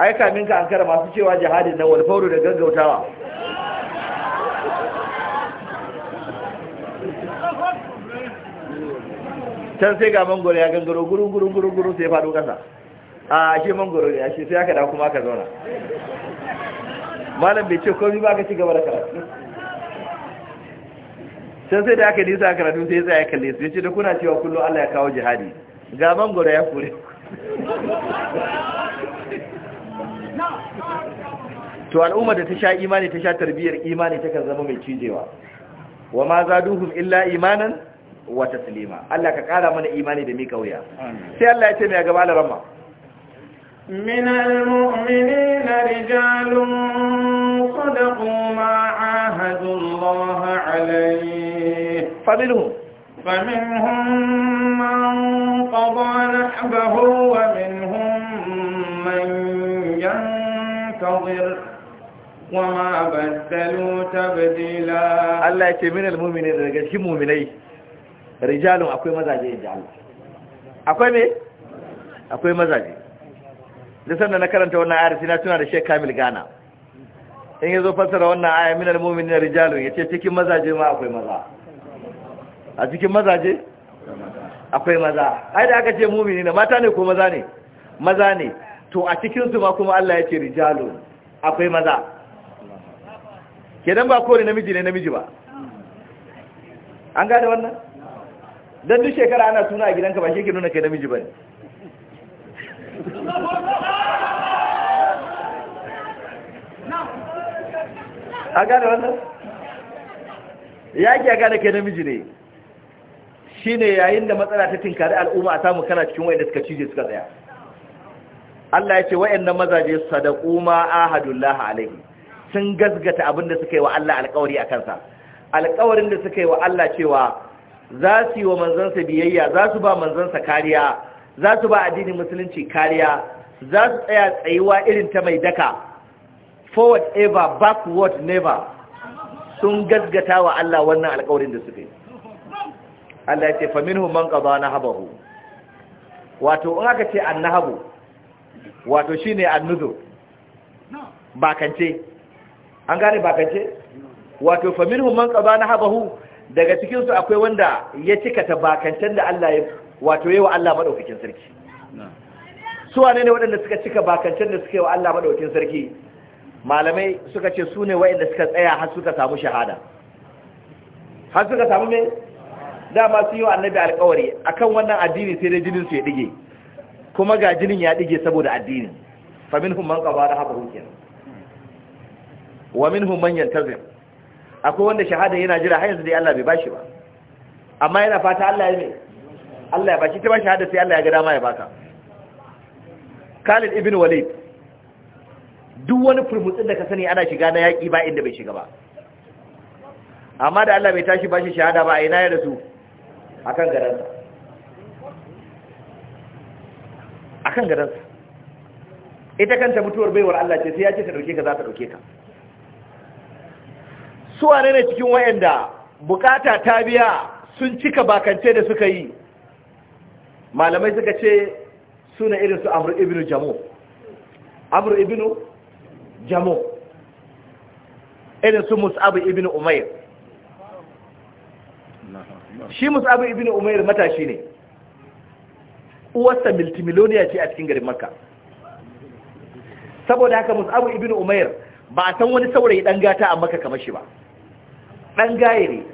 yi kamin ka an kara masu cewa jihadin na walfauru da gaggautawa can sai ga mangoro ya gangaro guru a ashe mangoro ne shi sai aka da kuma aka zauna malam bai ce komai ba ka ci gaba da karatu sai sai da aka nisa a karatu sai ya kalle su ya ce da kuna cewa kullum Allah ya kawo jihadi ga mangoro ya kure to al'umma da ta sha imani ta sha tarbiyyar imani ta kan zama mai cijewa wa ma zaduhum illa imanan wa taslima Allah ka kara mana imani da mika wuya sai Allah ya ce mai gaba da ramma من المؤمنين رجال صدقوا ما عاهدوا الله عليه فمنهم فمنهم من قضى نحبه ومنهم من ينتظر وما بدلوا تبديلا الله يتي من المؤمنين رجال كم مؤمنين رجال أكوي مزاجين جعل أكوي مي أكوي مزاجين da na karanta wannan ayar sai na tuna da Sheikh Kamil Gana in yazo fassara wannan aya minal mu'minina rijalun yace cikin mazaje ma akwai maza a cikin mazaje akwai maza ai da aka ce mu'mini ne mata ne ko maza ne maza ne to a cikin su ma kuma Allah yace rijalun akwai maza kenan ba kore namiji ne namiji ba an gane wannan dan duk shekara ana suna a gidanka ba shi ke nuna kai namiji ba ne. a gane wannan yaƙi a gane ke namiji ne shi ne yayin da matsala ta tinkari al'umma a samu kana cikin wa'inda suka cije suka tsaya Allah ya ce wa'annan mazaje sadaku ma ahadullah alaihi sun gasgata abin da suka yi wa Allah alƙawari a kansa alƙawarin da suka yi wa Allah cewa za su yi wa manzansa biyayya za su ba manzansa kariya za su ba addinin musulunci kariya za su tsaya tsayuwa irin ta mai daka forward ever backward never sun gaggata wa Allah wannan alƙawarin da suke Allah ya ce fa minhum man qada nahabahu wato in aka ce annahabu wato shine annuzur bakance an gane bakance wato fa minhum man qada nahabahu daga cikin su akwai wanda ya cika ta bakancen da Allah ya wato yayi wa Allah madaukakin sarki su wane ne waɗanda suka cika bakancen da suka yi wa Allah madaukakin sarki malamai suka ce su ne wa'inda suka tsaya har suka samu shahada har suka samu mai dama sun yi wa annabi alkawari kan wannan addini sai dai jinin su ya ɗige kuma ga jinin ya ɗige saboda addini fa humman man da haka kenan wa minhum man yantazir akwai wanda shahada yana jira har yanzu dai Allah bai bashi ba amma yana fata Allah ya mai Allah ya ba shi ta ba shahada sai Allah ya ga dama ya baka Khalid ibn Walid duk wani furfutsun da ka sani ana shiga na yaƙi ba inda bai shiga ba amma da Allah bai tashi ba shi shahada ba a ina ya rasu akan garansa kan garansa ita kanta mutuwar baiwar Allah ce sai ya ce ta dauke ka za ta dauke ka su wane ne cikin wayanda bukata ta biya sun cika bakance da suka yi malamai suka ce suna irin su amru ibnu jamu amru ibnu jamo irin su mus'abu ibn umair shi mus'abu ibn umair matashi ne uwarsa miltimiloniya ce a cikin garin makka saboda haka mus'abu ibn umair ba a san wani saurayi dan gata a makka kamar shi ba dan gaye ne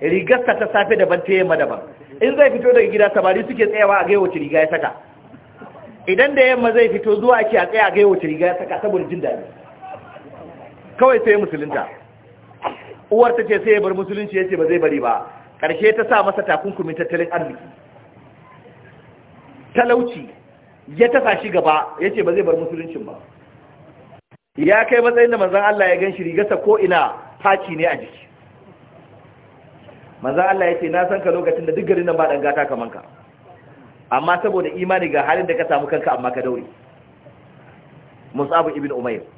rigarsa ta safe daban ta yamma daban in zai fito daga gida samari suke tsayawa a gaiwa riga ya saka idan da yamma zai fito zuwa ake a tsaya a gaiwa riga ya saka saboda jin daɗi kawai sai musulunta uwar ta ce sai ya bar musulunci ya ce ba zai bari ba ƙarshe ta sa masa takunkumin tattalin arziki talauci ya tafa shi gaba ya ce ba zai bar musuluncin ba ya kai matsayin da manzan Allah ya gan shi rigarsa ko ina faci ne a jiki manzan Allah ya ce na san ka lokacin da duk garin nan ba ɗan gata kaman ka amma saboda imani ga halin da ka samu kanka amma ka daure musabu ibn umayyah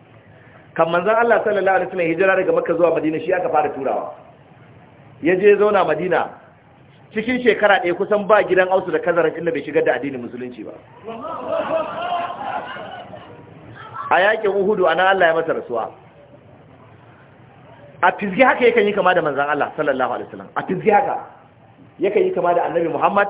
kan manzan Allah sallallahu alaihi wasallam hijira daga makka zuwa madina shi aka fara turawa ya je zauna madina cikin shekara ɗaya kusan ba gidan ausu da kazaran inda bai shigar da addinin musulunci ba a yakin uhudu ana Allah ya masa rasuwa a fizgi haka yakan yi kama da manzan Allah sallallahu alaihi wasallam a fizgi haka yakan yi kama da annabi Muhammad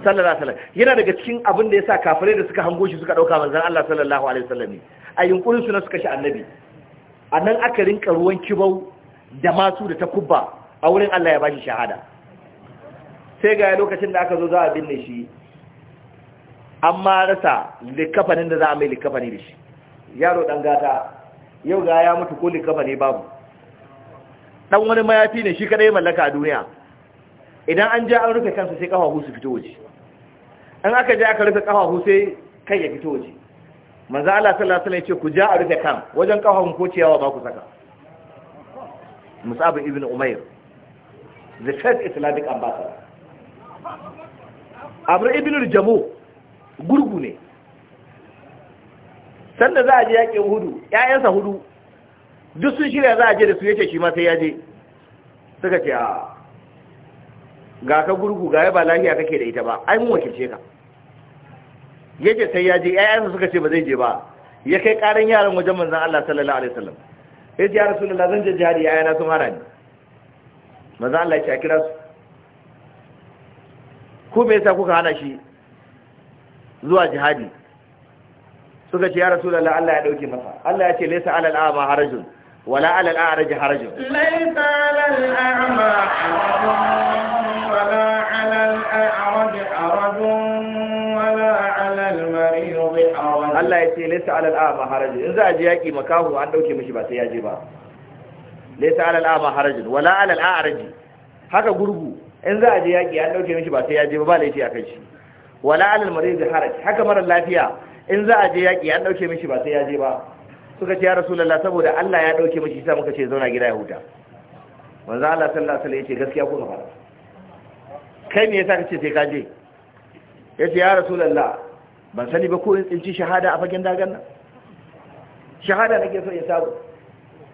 sallallahu alaihi wasallam yana daga cikin abin da yasa kafirai da suka hango shi suka dauka manzan Allah sallallahu alaihi wasallam ne a yunkurin su na suka shi annabi a nan aka rinka ruwan kibau da masu da takubba a wurin Allah ya bashi shahada sai ga lokacin da aka zo za a binne shi an ma rasa likafanin da za a mai likafani da shi yaro dan gata yau ga ya mutu ko likafani babu dan wani mayafi ne shi kadai mallaka a duniya idan an je an rufe kansa sai kafafu su fito waje in aka je aka rufe kafafu sai kai ya fito waje manzo Allah sallallahu alaihi wasallam yace ku ja a rufe kan wajen kafafun ko ciyawa ba ku saka Mus'ab ibn Umair the first Islamic ambassador Amr ibn al gurgu ne sanda za a je yakin hudu ƴaƴansa hudu duk sun shirya za a je da su yace shi ma sai ya je suka ce a ah, ga ka gurgu ga ya ba lafiya kake da ita ba ai mu wakilce ka yace sai ya je ƴaƴansa suka ce ba zai je ba ya kai ƙarin yaran wajen manzon Allah sallallahu alaihi wasallam yace ya rasulullah zan je jihadi ƴaƴana sun hara ni manzon Allah ya kira su ko me yasa kuka hana shi zuwa jihadi suka ce ya rasulullah Allah ya dauke masa Allah ya ce laysa alal a'ma harajun wala alal a'raj harajun laysa alal a'ma harajun wala alal a'raj harajun Allah ya ce laysa alal a'ma harajun in za a je yaki makahu an dauke mishi ba sai ya je ba laysa alal a'ma harajun wala alal a'raji haka gurgu in za a je yaki an dauke mishi ba sai ya je ba ba laifi akan shi wala alal marid haraj haka mara lafiya in za a je yaki an dauke mishi ba sai ya je ba suka ce ya rasulullah saboda Allah ya dauke mishi sai muka ce zauna gida ya huta manzo Allah sallallahu alaihi wasallam yace gaskiya ko ka fara kai me yasa kace sai ka je yace ya rasulullah ban sani ba ko in tsinci shahada a fagen dagan nan shahada ke so ya samu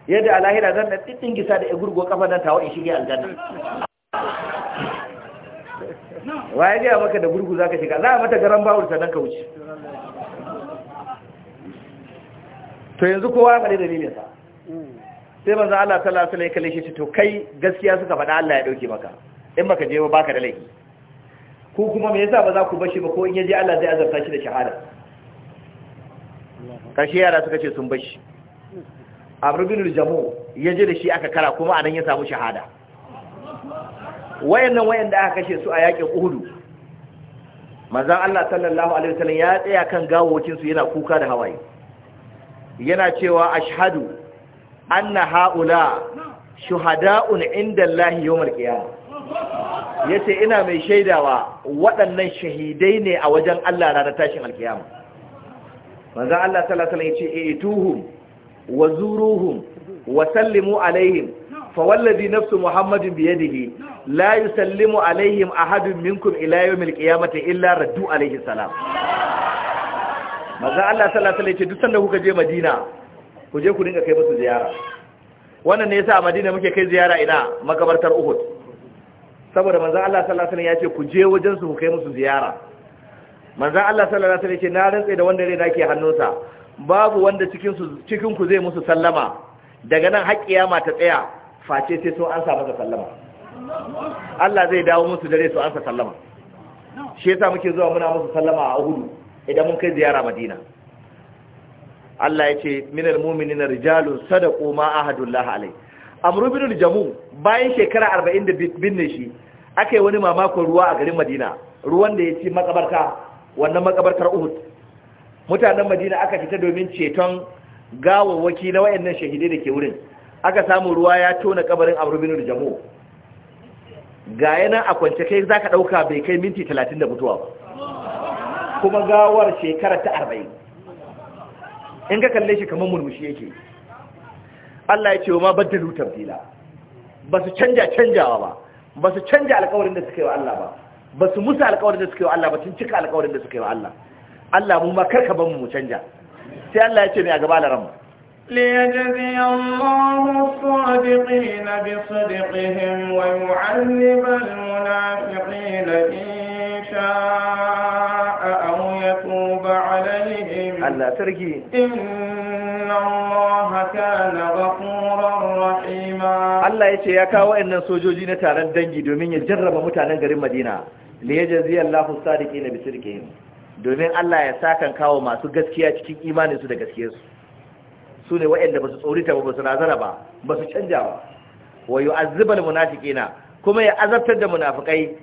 yadda a lahira zan da tsittin gisa da ya gurgo kafa nan tawo in shige aljanna waye gaya maka da gurgu za ka shiga za a mata garan bawul sannan ka wuce to yanzu kowa ya faɗi dalilin sa sai manzo Allah sallallahu alaihi wasallam ya kalle shi to kai gaskiya suka faɗa Allah ya dauke maka in baka je ba baka da laifi ko kuma me yasa ba za ku bashi ba ko in yaje Allah zai azarta shi da shahada kashi yara suka ce sun bashi abrubinul jamu yaje da shi aka kara kuma anan ya samu shahada wayannan wayanda aka kashe su a yakin Uhudu. manzon Allah sallallahu alaihi wasallam ya tsaya kan gawocin su yana kuka da hawaye yana cewa ashhadu anna haula shuhada'un inda Allah yawmal qiyamah ya ce ina mai shaidawa waɗannan shahidai ne a wajen Allah na tashin alkiyama manzan Allah talatalai ce e ituhum wa zuruhum wa sallimu alaihim fawallazi nafsu muhammadin biyadihi la yusallimu alaihim ahadun minkum ila yawmil qiyamati illa raddu alaihi salam manzan Allah talatalai ce duk sanda kuka je Madina ku je ku dinga kai musu ziyara wannan ne ya sa a Madina muke kai ziyara ina makabartar Uhud saboda manzan Allah sallallahu alaihi wasallam ya ce ku je wajen su ku kai musu ziyara manzan Allah sallallahu alaihi wasallam ya ce na rantsa da wanda rai nake hannunsa babu wanda cikin su cikin ku zai musu sallama daga nan har kiyama ta tsaya face sai sun ansa masa sallama Allah zai dawo musu dare su ansa sallama shi yasa muke zuwa muna musu sallama a Uhud idan mun kai ziyara Madina Allah ya ce minal mu'minina rijalun sadaqu ma ahadullahi alaihi amru bin jamu bayan shekara arba'in da binne shi aka yi wani mamakon ruwa a garin madina ruwan da ya ci makabarta wannan makabartar uhud mutanen madina aka fita domin ceton gawawwaki na wayannan shahidai da ke wurin aka samu ruwa ya tona kabarin amru bin jamu ga yana a kwance kai zaka ɗauka bai kai minti talatin da mutuwa ba kuma gawar shekara ta arba'in in ka kalle shi kamar murmushi yake Allah ya ce wa ma baddalu tabdila ba su canja canjawa ba ba su canja alƙawarin da suka yi wa Allah ba ba su musa alƙawarin da suka yi wa Allah ba sun cika alƙawarin da suka yi wa Allah Allah mu ma ka ban mu mu canja sai Allah ya ce ne a gaba laran mu ليجزي الله الصادقين بصدقهم ويعذب المنافقين إن شاء أو يتوب عليهم إن Allah ya ce ya kawo waɗannan sojoji na taron dangi domin ya jarraba mutanen garin Madina li yajzi Allahu sadiqina ke yin. domin Allah ya kan kawo masu gaskiya cikin imaninsu da gaskiyarsu su ne waɗanda ba su tsorita ba ba su razana ba ba su canja ba wa yu'azzibal munafiqina kuma ya azabtar da munafikai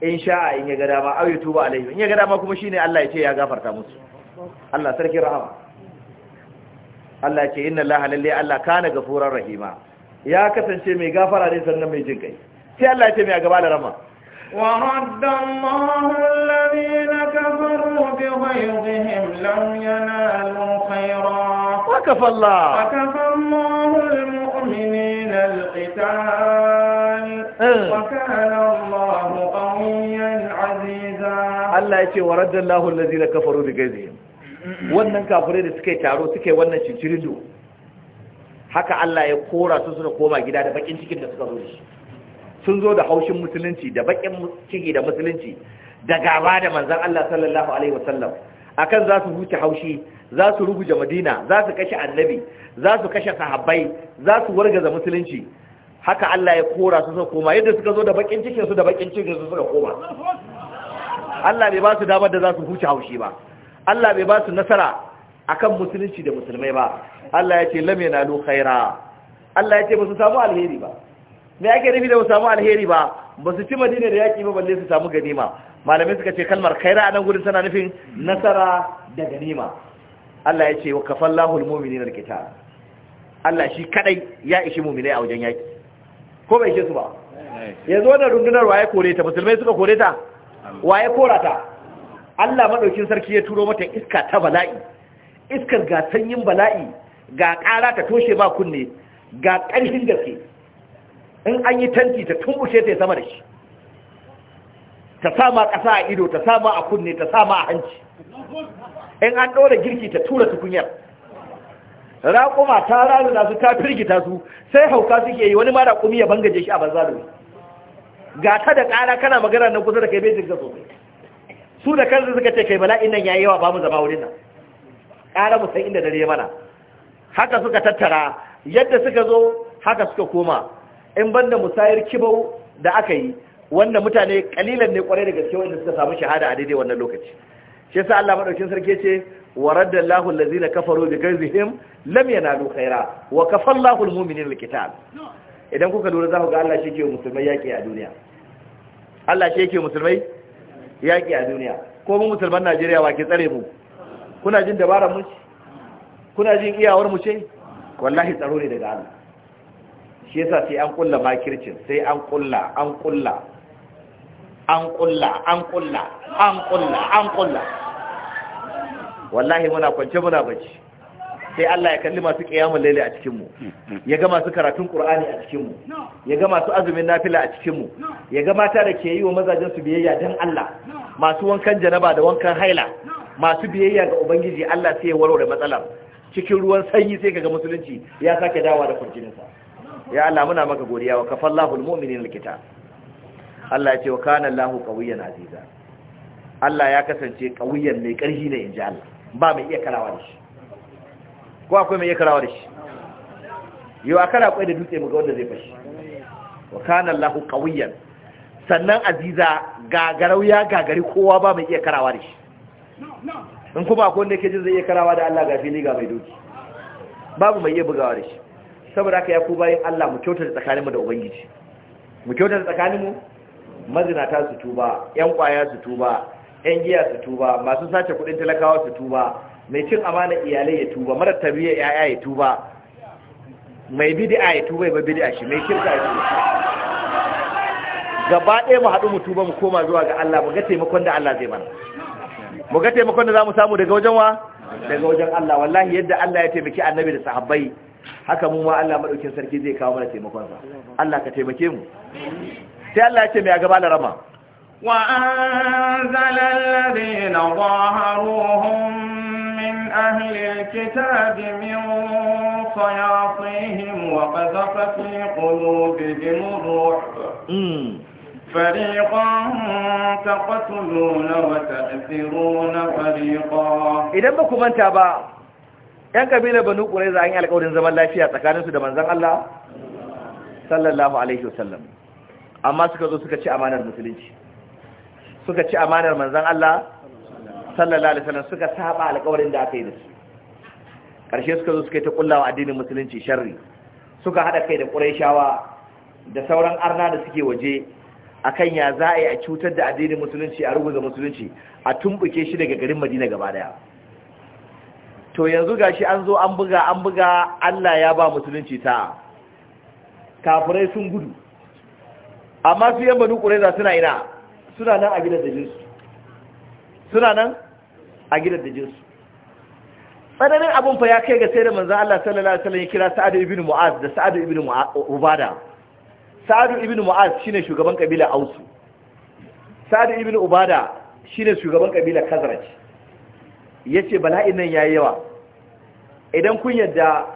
in sha'a in ya ga dama aw yutuba in ya ga dama kuma Allah ya ce ya gafarta musu Allah sarki Allah ce inna Allah lalle Allah kana gafurar rahima ya kasance mai gafara ne sannan mai jin kai sai Allah ce mai gaba da rama wa radda Allahu alladhina kafaru bi ghayzihim lam yanalu khayra wa kafa Allah wa kafa Allahu almu'minina alqital eh. wa kana Allahu qawiyyan aziza Allah ya ce wa radda Allahu alladhina kafaru bi ghayzihim wannan kafirai da suka yi taro suka yi wannan cincirindo haka Allah ya kora su suna koma gida da bakin cikin da suka zo da shi sun zo da haushin musulunci da bakin ciki da musulunci da gaba da manzon Allah sallallahu alaihi wasallam akan za su huce haushi za su ruguje madina za su kashe annabi za su kashe sahabbai za su wargaza musulunci haka Allah ya kora su suna koma yadda suka zo da bakin cikin su da bakin cikin su suka koma Allah bai ba su damar da za su huce haushi ba Allah bai ba su nasara akan musulunci da musulmai ba Allah ya ce lam yanalu khaira Allah ya ce ba su samu alheri ba me ake nufi da ba su samu alheri ba ba su ci madina da yaki ba balle su samu ganima malamai suka ce kalmar khaira a nan gurin tana nufin nasara da ganima Allah ya ce wa kafallahu almu'minina alqital Allah shi kadai ya ishi mu'minai a wajen yaki ko bai ishe su ba eh. yanzu wannan rundunar waye kore ta musulmai suka kore ta waye kora ta Allah maɗaukin sarki ya turo mata iska ta bala'i iskar ga sanyin bala'i ga ƙara ta toshe ba kunne ga ƙarfin gaske in an yi tanti ta tumbushe ta sama da shi ta sama ƙasa a ido ta sama a kunne ta sama a hanci in an ɗora girki ta tura tukunyar raƙuma ta rarruna su ta firgita su sai hauka suke yi wani mara kumi ya bangaje shi a banza da ga ta da ƙara kana magana nan kusa da kai bai jirga sosai su da kansu suka ce kai bala'in nan yayi yawa ba mu zama wurin nan ƙara mu san inda dare mana haka suka tattara yadda suka zo haka suka koma in banda musayar kibau da aka yi wanda mutane kalilan ne kwarai da gaske wanda suka samu shahada a daidai wannan lokaci shi yasa Allah madaukin sarki ce wa radda Allahu allazina kafaru bi ghayzihim lam yanalu khaira wa kafa Allahu almu'minina alkitab idan kuka lura za ku ga Allah shi yake musulmai yaki a duniya Allah shi yake musulmai yaƙi a duniya ko mu musulman najeriya wa ke tsare mu kuna jin dabarar mu ce kuna jin iyawar mu ce wallahi tsaro ne daga allah shi yasa sai an kulla makircin sai an kulla an kulla an kulla an kulla an kulla an kulla wallahi muna kwance muna bacci sai Allah ya kalli masu ƙiyamun laili a cikinmu ya ga masu karatun ƙur'ani a cikinmu ya ga masu azumin nafila a cikinmu ya ga mata da ke yi wa mazajen su biyayya don Allah masu wankan janaba da wankan haila masu biyayya ga ubangiji Allah sai ya warware matsalar cikin ruwan sanyi sai ga musulunci ya sake dawa da kurjininsa ya Allah muna maka godiya wa kafallahu almu'minina likita Allah ya ce wa kana aziza Allah ya kasance qawiyyan mai karfi ne inji Allah ba mai iya karawa da shi ko akwai mai yakarawa da shi yau a kara akwai da dutse ga wanda zai fashi wa kana Allahu qawiyan sannan aziza gagarau ya gagari kowa ba mai yakarawa da shi in kuma akwai wanda yake jin zai yakarawa da Allah ga fili ga mai doki babu mai iya bugawa da shi saboda haka ya ku bayin Allah mu kyautata tsakaninmu da ubangiji mu kyautata tsakaninmu mazinata su tuba yan kwaya su tuba yan giya su tuba masu sace kudin talakawa su tuba mai cin amana iyalai ya tuba mara tabiya yaya ya tuba mai bidi'a ya tuba ya bidi'a shi mai shirka ya tuba gaba ɗaya mu haɗu mu tuba mu koma zuwa ga Allah mu ga taimakon da Allah zai mana mu ga taimakon da zamu samu daga wajen wa daga wajen Allah wallahi yadda Allah ya taimaki annabi da sahabbai haka mu ma Allah madaukin sarki zai kawo mana taimakon sa Allah ka taimake mu sai Allah ya ce mai gaba larama وأنزل الذين ظاهروهم من أهل الكتاب من صياصيهم وقذف في قلوبهم الرعب فريقا تقتلون وتأثرون فريقا إذا بكم أنت أبا ‘Yan ƙabilar Banu Ƙuraiza an yi alƙawarin zaman lafiya tsakaninsu da manzan Allah, sallallahu Alaihi wasallam, amma suka zo suka ci amanar Musulunci, suka ci amanar manzan Allah, sallallahu alaihi wasallam suka saba alƙawarin da aka yi da su ƙarshe suka zo suka yi ta kullawa addinin musulunci sharri suka haɗa kai da quraishawa da sauran arna da suke waje akan ya za a yi a cutar da addinin musulunci a rubuta musulunci a tumbuke shi daga garin madina gaba daya to yanzu gashi an zo an buga an buga Allah ya ba musulunci ta kafirai sun gudu amma su yan banu quraiza suna ina suna nan a gidan jinsu suna nan a gidan da jinsu tsananin abin fa ya kai ga sai da manzan Allah sallallahu alaihi wasallam ya kira Sa'adu ibn Mu'az da Sa'adu ibn Ubada Sa'adu ibn Mu'az shine shugaban kabila Ausu Sa'adu ibn Ubada shine shugaban kabila Ya yace bala'in nan yayi yawa idan kun yadda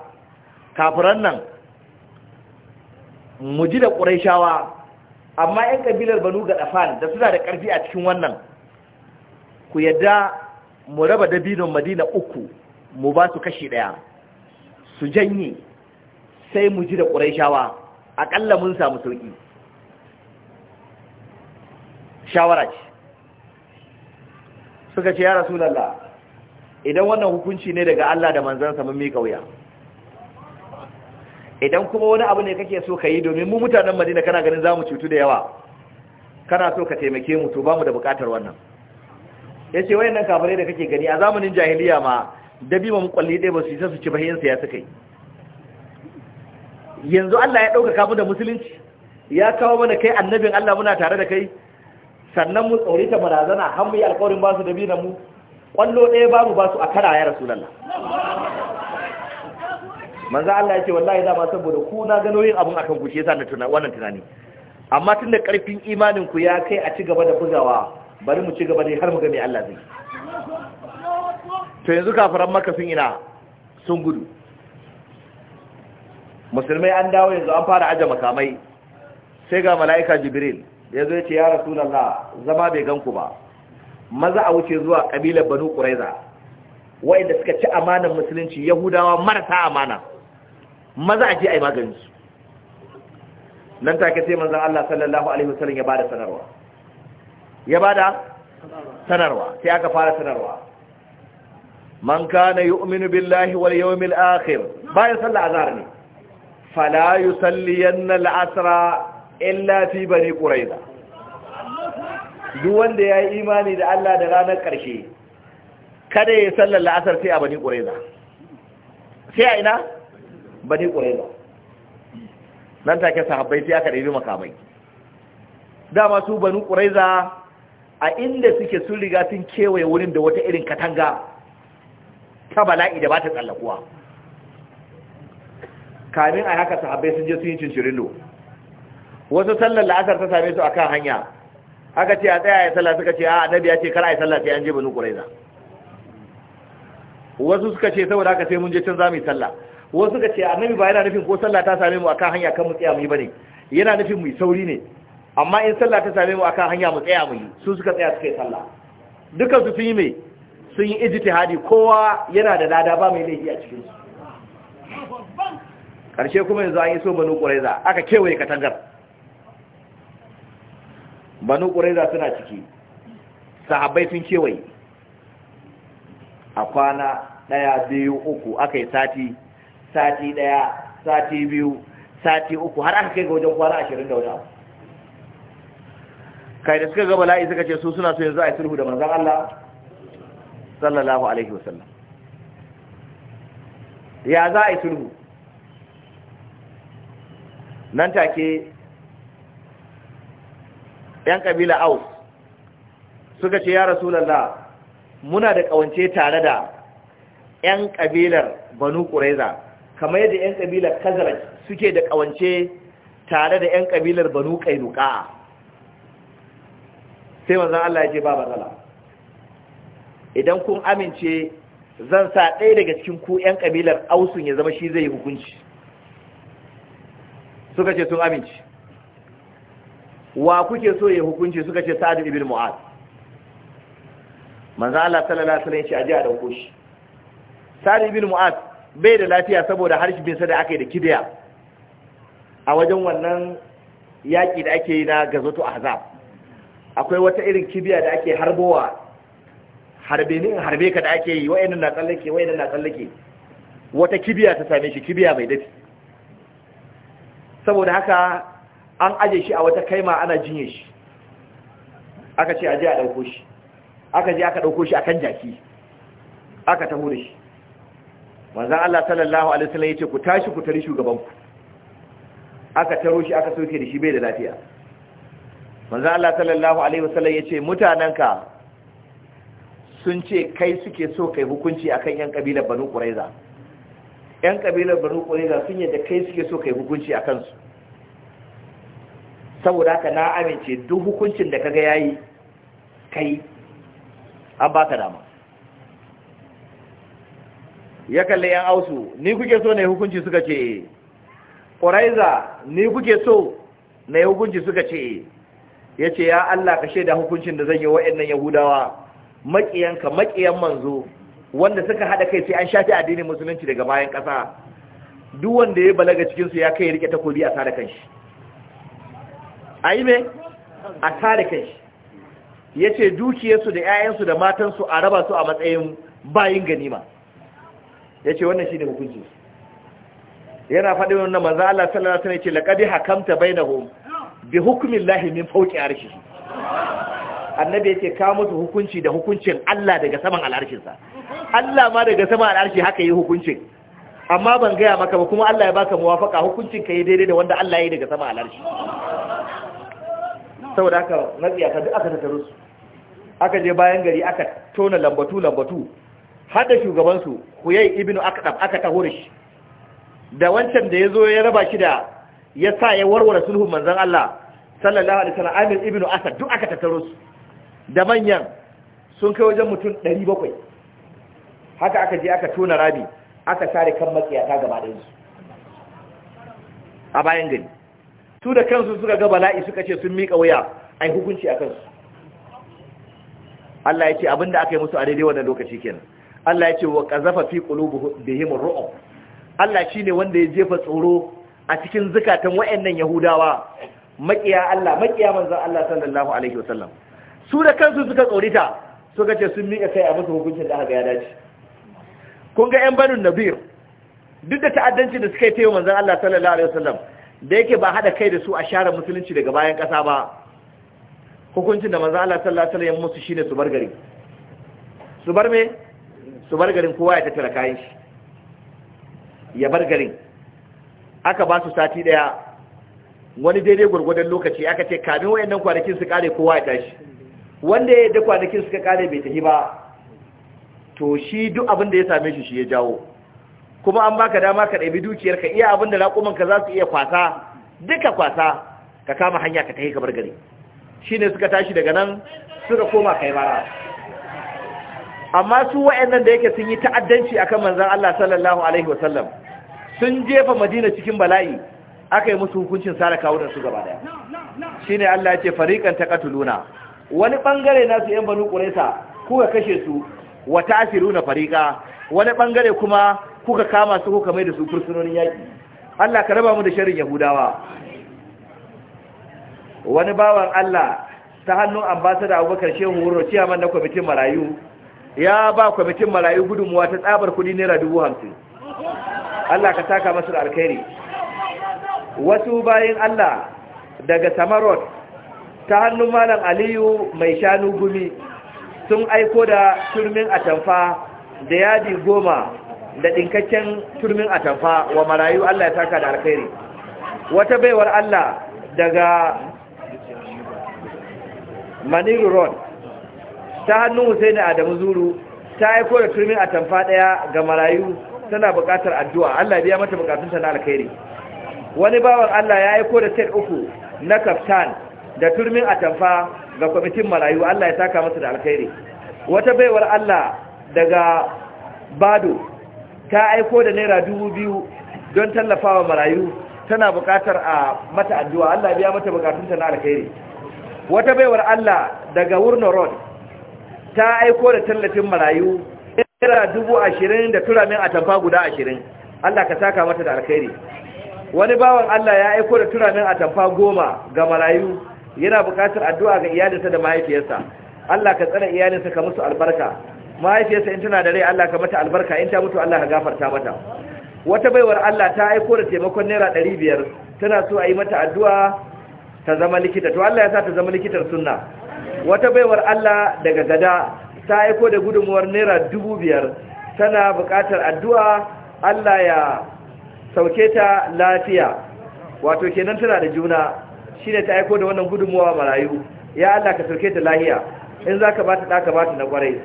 kafiran nan mu ji da ƙurashawa, amma 'yan kabilar Banu Gadafan da suna da ƙarfi a cikin wannan ku yadda mu raba dabinon madina uku mu ba su kashi ɗaya su janye sai mu ji da ƙuraishawa aƙalla mun samu sauƙi shawara ce suka ce ya rasulallah idan wannan hukunci ne daga Allah da manzansa samun miƙa wuya idan kuma wani abu ne kake so ka yi domin mu mutanen madina kana ganin za mu cutu da yawa kana so ka taimake mu to ba mu da bukatar wannan ya ce wayannan kafirai da kake gani a zamanin jahiliya ma dabi ma mukwalli ɗaya ba su yi su ci bayan ya suka yi yanzu Allah ya ɗauka kafin da musulunci ya kawo mana kai annabin Allah muna tare da kai sannan mu tsauri ta barazana har mu yi alƙawarin ba su dabi na mu ƙwallo ɗaya babu ba su a kara ya rasu lalla manzan Allah ya ce wallahi dama saboda ku na gano yin abun akan ku shi sa na wannan tunani amma tunda karfin imanin ku ya kai a ci gaba da bugawa bari mu ci gaba dai har mu ga mai Allah zai to yanzu kafiran maka sun ina sun gudu musulmai an dawo yanzu an fara aje makamai sai ga mala'ika jibril ya zo ya ce ya rasulallah zama bai ganku ba maza a wuce zuwa kabilar banu quraiza wa'inda suka ci amanan musulunci yahudawa marasa amana maza a ji ai maganin su nan take sai manzon Allah sallallahu alaihi wasallam ya bada sanarwa ya bada sanarwa sai aka fara sanarwa man kana yu'minu billahi wal yawmil akhir bayan sallah azhar ne fala yusalliyanna al-asra illa fi bani quraiza duk wanda yayi imani da Allah da ranar karshe kada ya sallar la'asar sai a bani quraiza sai a ina bani quraiza nan take sahabbai sai aka dabi makamai dama su bani quraiza a inda suke sun riga sun kewaye wurin da wata irin katanga ta bala'i da ba ta tsallakuwa kamin a haka sahabbai sun je sun yi cincirindo wasu sallar la'asar ta same su akan hanya aka ce a tsaya ya sallah suka ce a anabi ya ce kar a yi sallah sai an je banu quraiza wasu suka ce saboda aka sai mun je can za mu yi sallah wasu suka ce annabi ba yana nufin ko sallah ta same mu akan hanya kan mu tsaya mu yi ba ne, yana nufin mu yi sauri ne amma in sallah ta same mu akan hanya mu tsaya mu yi su suka tsaya suka yi sallah dukan su sun yi mai sun yi ijtihadi kowa yana da dada ba mai laifi a cikin su karshe kuma yanzu an yi so banu quraiza aka kewaye katangar banu quraiza suna ciki sahabbai sun kewaye a kwana ɗaya biyu uku aka yi sati sati daya sati biyu sati uku har aka kai ga wajen kwana ashirin da wani abu kai da suka ga bala'i suka ce su suna so yanzu a yi sulhu da manzon Allah sallallahu alaihi wasallam ya za a yi sulhu nan take yan kabila aus suka ce ya rasulullah muna da kawance tare da yan kabilar banu quraiza kamar yadda yan kabilar Kazar suke da kawance tare da yan kabilar banu qainuqa sai manzon Allah ya ce ba matsala idan kun amince zan sa ɗaya daga cikin ku 'yan ƙabilar ausun ya zama shi zai yi hukunci suka ce sun amince wa kuke so ya hukunci suka ce sa'ad ibn mu'ad manzan Allah sallallahu alaihi shi ya ce a dauko shi sa'ad bai da lafiya saboda harshibinsa da aka yi da kidiya a wajen wannan yaƙi da ake yi na gazoto ahzab akwai wata irin kibiya da ake harbowa harbe ne harbe ka da ake yi wayannan na tsallake wayannan na tsallake wata kibiya ta same shi kibiya mai dafi saboda haka an aje shi a wata kaima ana jinye shi aka ce aje a dauko shi aka je aka dauko shi akan jaki aka taho da shi manzon Allah sallallahu alaihi wasallam yace ku tashi ku tari shugaban ku aka taro shi aka soke da shi bai da lafiya manzo Allah sallallahu alaihi wasallam yace mutananka sun ce kai suke so kai hukunci akan yan kabilar Banu Qurayza yan kabilar Banu Qurayza sun yadda kai suke so kai hukunci akan su saboda haka na amince duk hukuncin da kaga yayi kai an baka dama ya kalle yan ausu ni kuke so ne hukunci suka ce eh. Qurayza ni kuke so ne hukunci suka ce eh. ya ce ya Allah ka shaida hukuncin da zan yi nan yahudawa maƙiyanka maƙiyan manzo wanda suka haɗa kai sai an shafi addinin musulunci daga bayan ƙasa duk wanda ya balaga cikinsu ya kai riƙe takobi a tare kanshi a yi me a tare kanshi ya ce dukiyarsu da 'ya'yansu da matansu a raba su a matsayin bayin ganima ya ce wannan shi ne hukunci yana faɗin wannan maza Allah sallallahu alaihi wasallam ya ce laqad hakamta bainahum bi hukumin lahi min fauki arshihi annabi yake ka musu hukunci da hukuncin Allah daga saman al'arshinsa Allah ma daga saman al'arshi haka yi hukuncin amma ban gaya maka ba kuma Allah ya baka muwafaka hukuncin ka yi daidai da wanda Allah ya yi daga saman al'arshi saboda haka matsiyaka duk aka tattaro su aka je bayan gari aka tona lambatu lambatu har da shugabansu huyai ibn akdab aka taho da shi da wancan da ya zo ya raba shi da ya sa ya warware sulhun manzan Allah sallallahu alaihi wasallam Amir ibn Asad duk aka tattaro su da manyan sun kai wajen mutum 700 haka aka je aka tona rabi aka share kan makiyata gaba da su a bayan gari su da kansu suka ga bala'i suka ce sun mika wuya ai hukunci a kansu Allah ya ce abinda aka yi musu a daidai wannan lokaci kenan Allah ya ce wa qazafa fi qulubihim ru'ub Allah shine wanda ya jefa tsoro a cikin zukatan wa'annan yahudawa makiya Allah makiya manzon Allah sallallahu alaihi wasallam su da kansu suka tsorita suka ce sun miƙa kai a musu hukuncin da aka ya dace kun ga ƴan banun nabir duk da ta'addanci da suka yi taiwa manzon Allah sallallahu Alaihi wasallam da yake ba haɗa kai da su a share musulunci daga bayan ƙasa ba hukuncin da manzon Allah sallallahu Alaihi wasallam musu shine su bar gari su bar me su bar garin kowa ya tattara kayan shi ya bar garin aka ba su sati daya wani daidai gwargwadon lokaci aka ce kamin wayannan kwanakin su kare kowa ya tashi wanda ya da kwanakin suka kare bai tafi ba to shi duk abin da ya same shi shi ya jawo kuma an baka dama ka ɗabi dukiyarka iya abin da ka za su iya kwasa duka kwasa ka kama hanya ka tafi kamar gari Shi ne suka tashi daga nan suka koma kai bara amma su nan da yake sun yi ta'addanci akan manzon Allah sallallahu alaihi wasallam sun jefa madina cikin bala'i aka yi musu hukuncin sare kawunan su gaba daya Shi ne Allah ya ce ta katuluna wani bangare nasu yan banu ƙuraisa kuka kashe su wa na fariqa wani bangare kuma kuka kama su kuka mai da su fursunonin yaƙi? Allah ka raba mu da shirin yahudawa wani bawan Allah ta hannun ambasada Abubakar Shehu Wuro ciyaman na kwamitin marayu ya ba kwamitin marayu gudunmuwa ta tsabar kudi naira dubu hamsin Allah ka taka masu da alkhairi wasu bayan Allah daga Samarot ta hannun Malam Aliyu mai shanu gumi sun aiko da turmin atamfa da yadi goma da ɗinkakken turmin atamfa wa marayu Allah ya taka da alkhairi wata baiwar Allah daga Maniru Road ta hannun Hussaini Adamu Zuru ta aiko da turmin atamfa ɗaya ga marayu tana buƙatar addu'a Allah biya mata buƙatunta na alkhairi wani bawan Allah ya aiko da set uku na kaftan da turmin atamfa ga kwamitin marayu Allah ya saka masa da alkhairi wata baiwar Allah daga Bado ta aiko da naira dubu biyu don tallafawa marayu tana buƙatar a mata addu'a Allah biya mata buƙatunta na alkhairi wata baiwar Allah daga Wurno Road ta aiko da tallafin marayu naira dubu ashirin da tura min atamfa guda ashirin Allah ka saka mata da alkhairi wani bawan Allah ya aiko da tura min atamfa goma ga marayu yana bukatar addu'a ga iyalinsa da mahaifiyarsa Allah ka tsare iyalinsa ka musu albarka mahaifiyarsa in tana da rai Allah ka mata albarka in ta mutu Allah ka gafarta mata wata baiwar Allah ta aiko da taimakon naira ɗari biyar tana so a yi mata addu'a ta zama likita to Allah ya sa ta zama likitar sunna wata baiwar Allah daga gada ta aiko da gudunmuwar naira dubu biyar tana buƙatar addu'a Allah ya sauke ta lafiya wato kenan tana da juna Shi ne ta aiko da wannan gudunmuwa marayu ya Allah ka sauke ta lahiya in za ka bata ɗaka bata na ƙwarai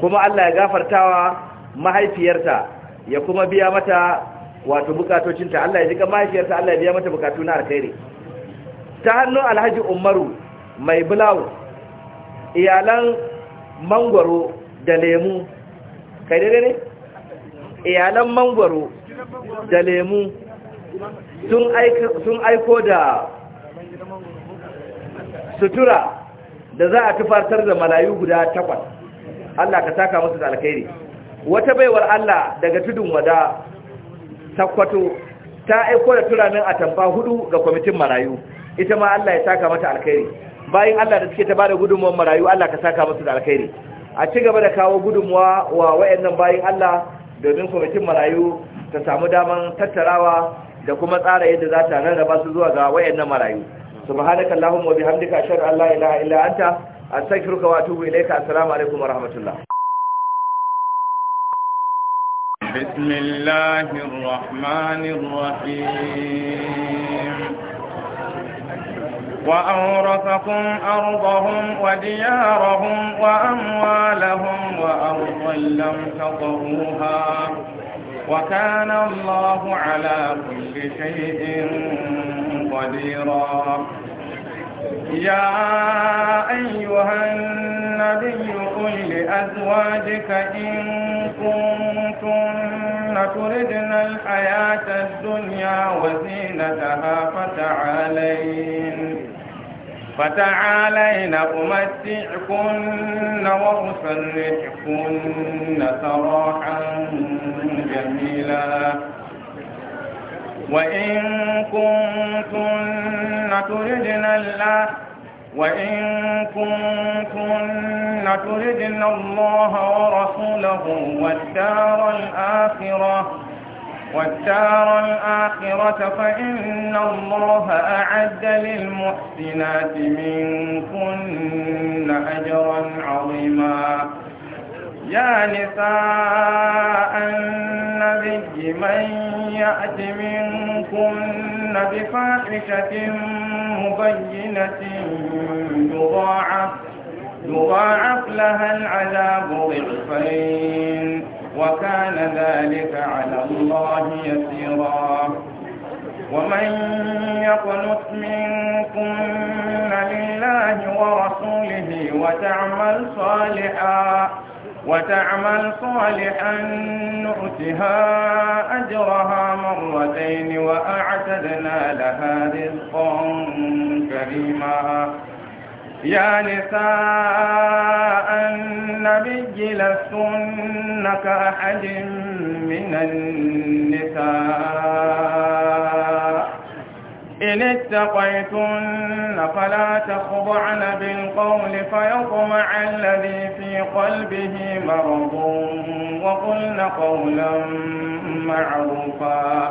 kuma Allah ya gafartawa mahaifiyarta ya kuma biya mata wato bukatocinta Allah ya jika mahaifiyarta Allah ya biya mata bukatu na alkhairi ta hannun alhaji umaru mai bulawu iyalan mangwaro da lemu kai dai ne iyalan mangwaro da lemu sun aiko da sutura da za a tufartar da malayu guda takwas Allah ka saka musu da alkhairi wata baiwar Allah daga tudun wada sakwato ta aiko da turamin atamfa hudu ga kwamitin marayu ita ma Allah ya saka mata alkhairi bayan Allah da suke ta bada gudunmuwar marayu Allah ka saka musu da alkhairi a ci gaba da kawo gudunmuwa wa wayannan bayan Allah domin kwamitin marayu ta samu daman tattarawa da kuma tsara yadda za ta rarraba su zuwa ga wayannan marayu subhanaka allahumma wa bihamdika ashhadu an la ilaha illa anta astaghfiruka wa atubu ilayka assalamu alaikum wa rahmatullah بسم الله الرحمن الرحيم وأورثكم أرضهم وديارهم وأموالهم وأرضا لم تطروها وكان الله على كل شيء قديرا يا أيها النبي قل لأزواجك إن كنتن تردن الحياة الدنيا وزينتها فتعالين فتعالين أمتعكن وأسرحكن سراحا جميلا وإن كنتن تردن الله وإن كنتن تردن الله ورسوله والدار الآخرة والدار الآخرة فإن الله أعد للمحسنات منكن أجرا عظيما يا نساء النبي من يأت منكن بفاحشة مبينة يضاعف يضاعف لها العذاب ضعفين وكان ذلك على الله يسيرا ومن يقنط منكن لله ورسوله وتعمل صالحا وتعمل صالحا نؤتها أجرها مرتين وأعتدنا لها رزقا كريما يا نساء النبي لستن كأحد من النساء إن اتقيتن فلا تخضعن بالقول فيطمع الذي في قلبه مرض وقلن قولا معروفا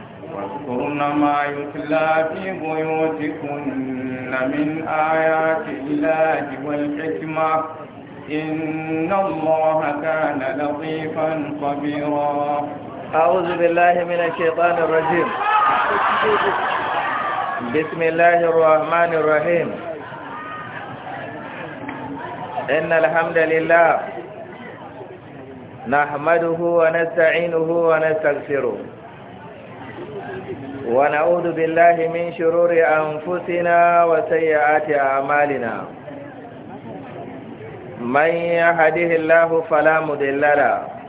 واذكرن ما يتلى في بيوتكن من آيات الله والحكمة إن الله كان لطيفا خبيرا أعوذ بالله من الشيطان الرجيم بسم الله الرحمن الرحيم إن الحمد لله نحمده ونستعينه ونستغفره ونعوذ بالله من شرور أنفسنا وسيئات أعمالنا من يهده الله فلا مضل له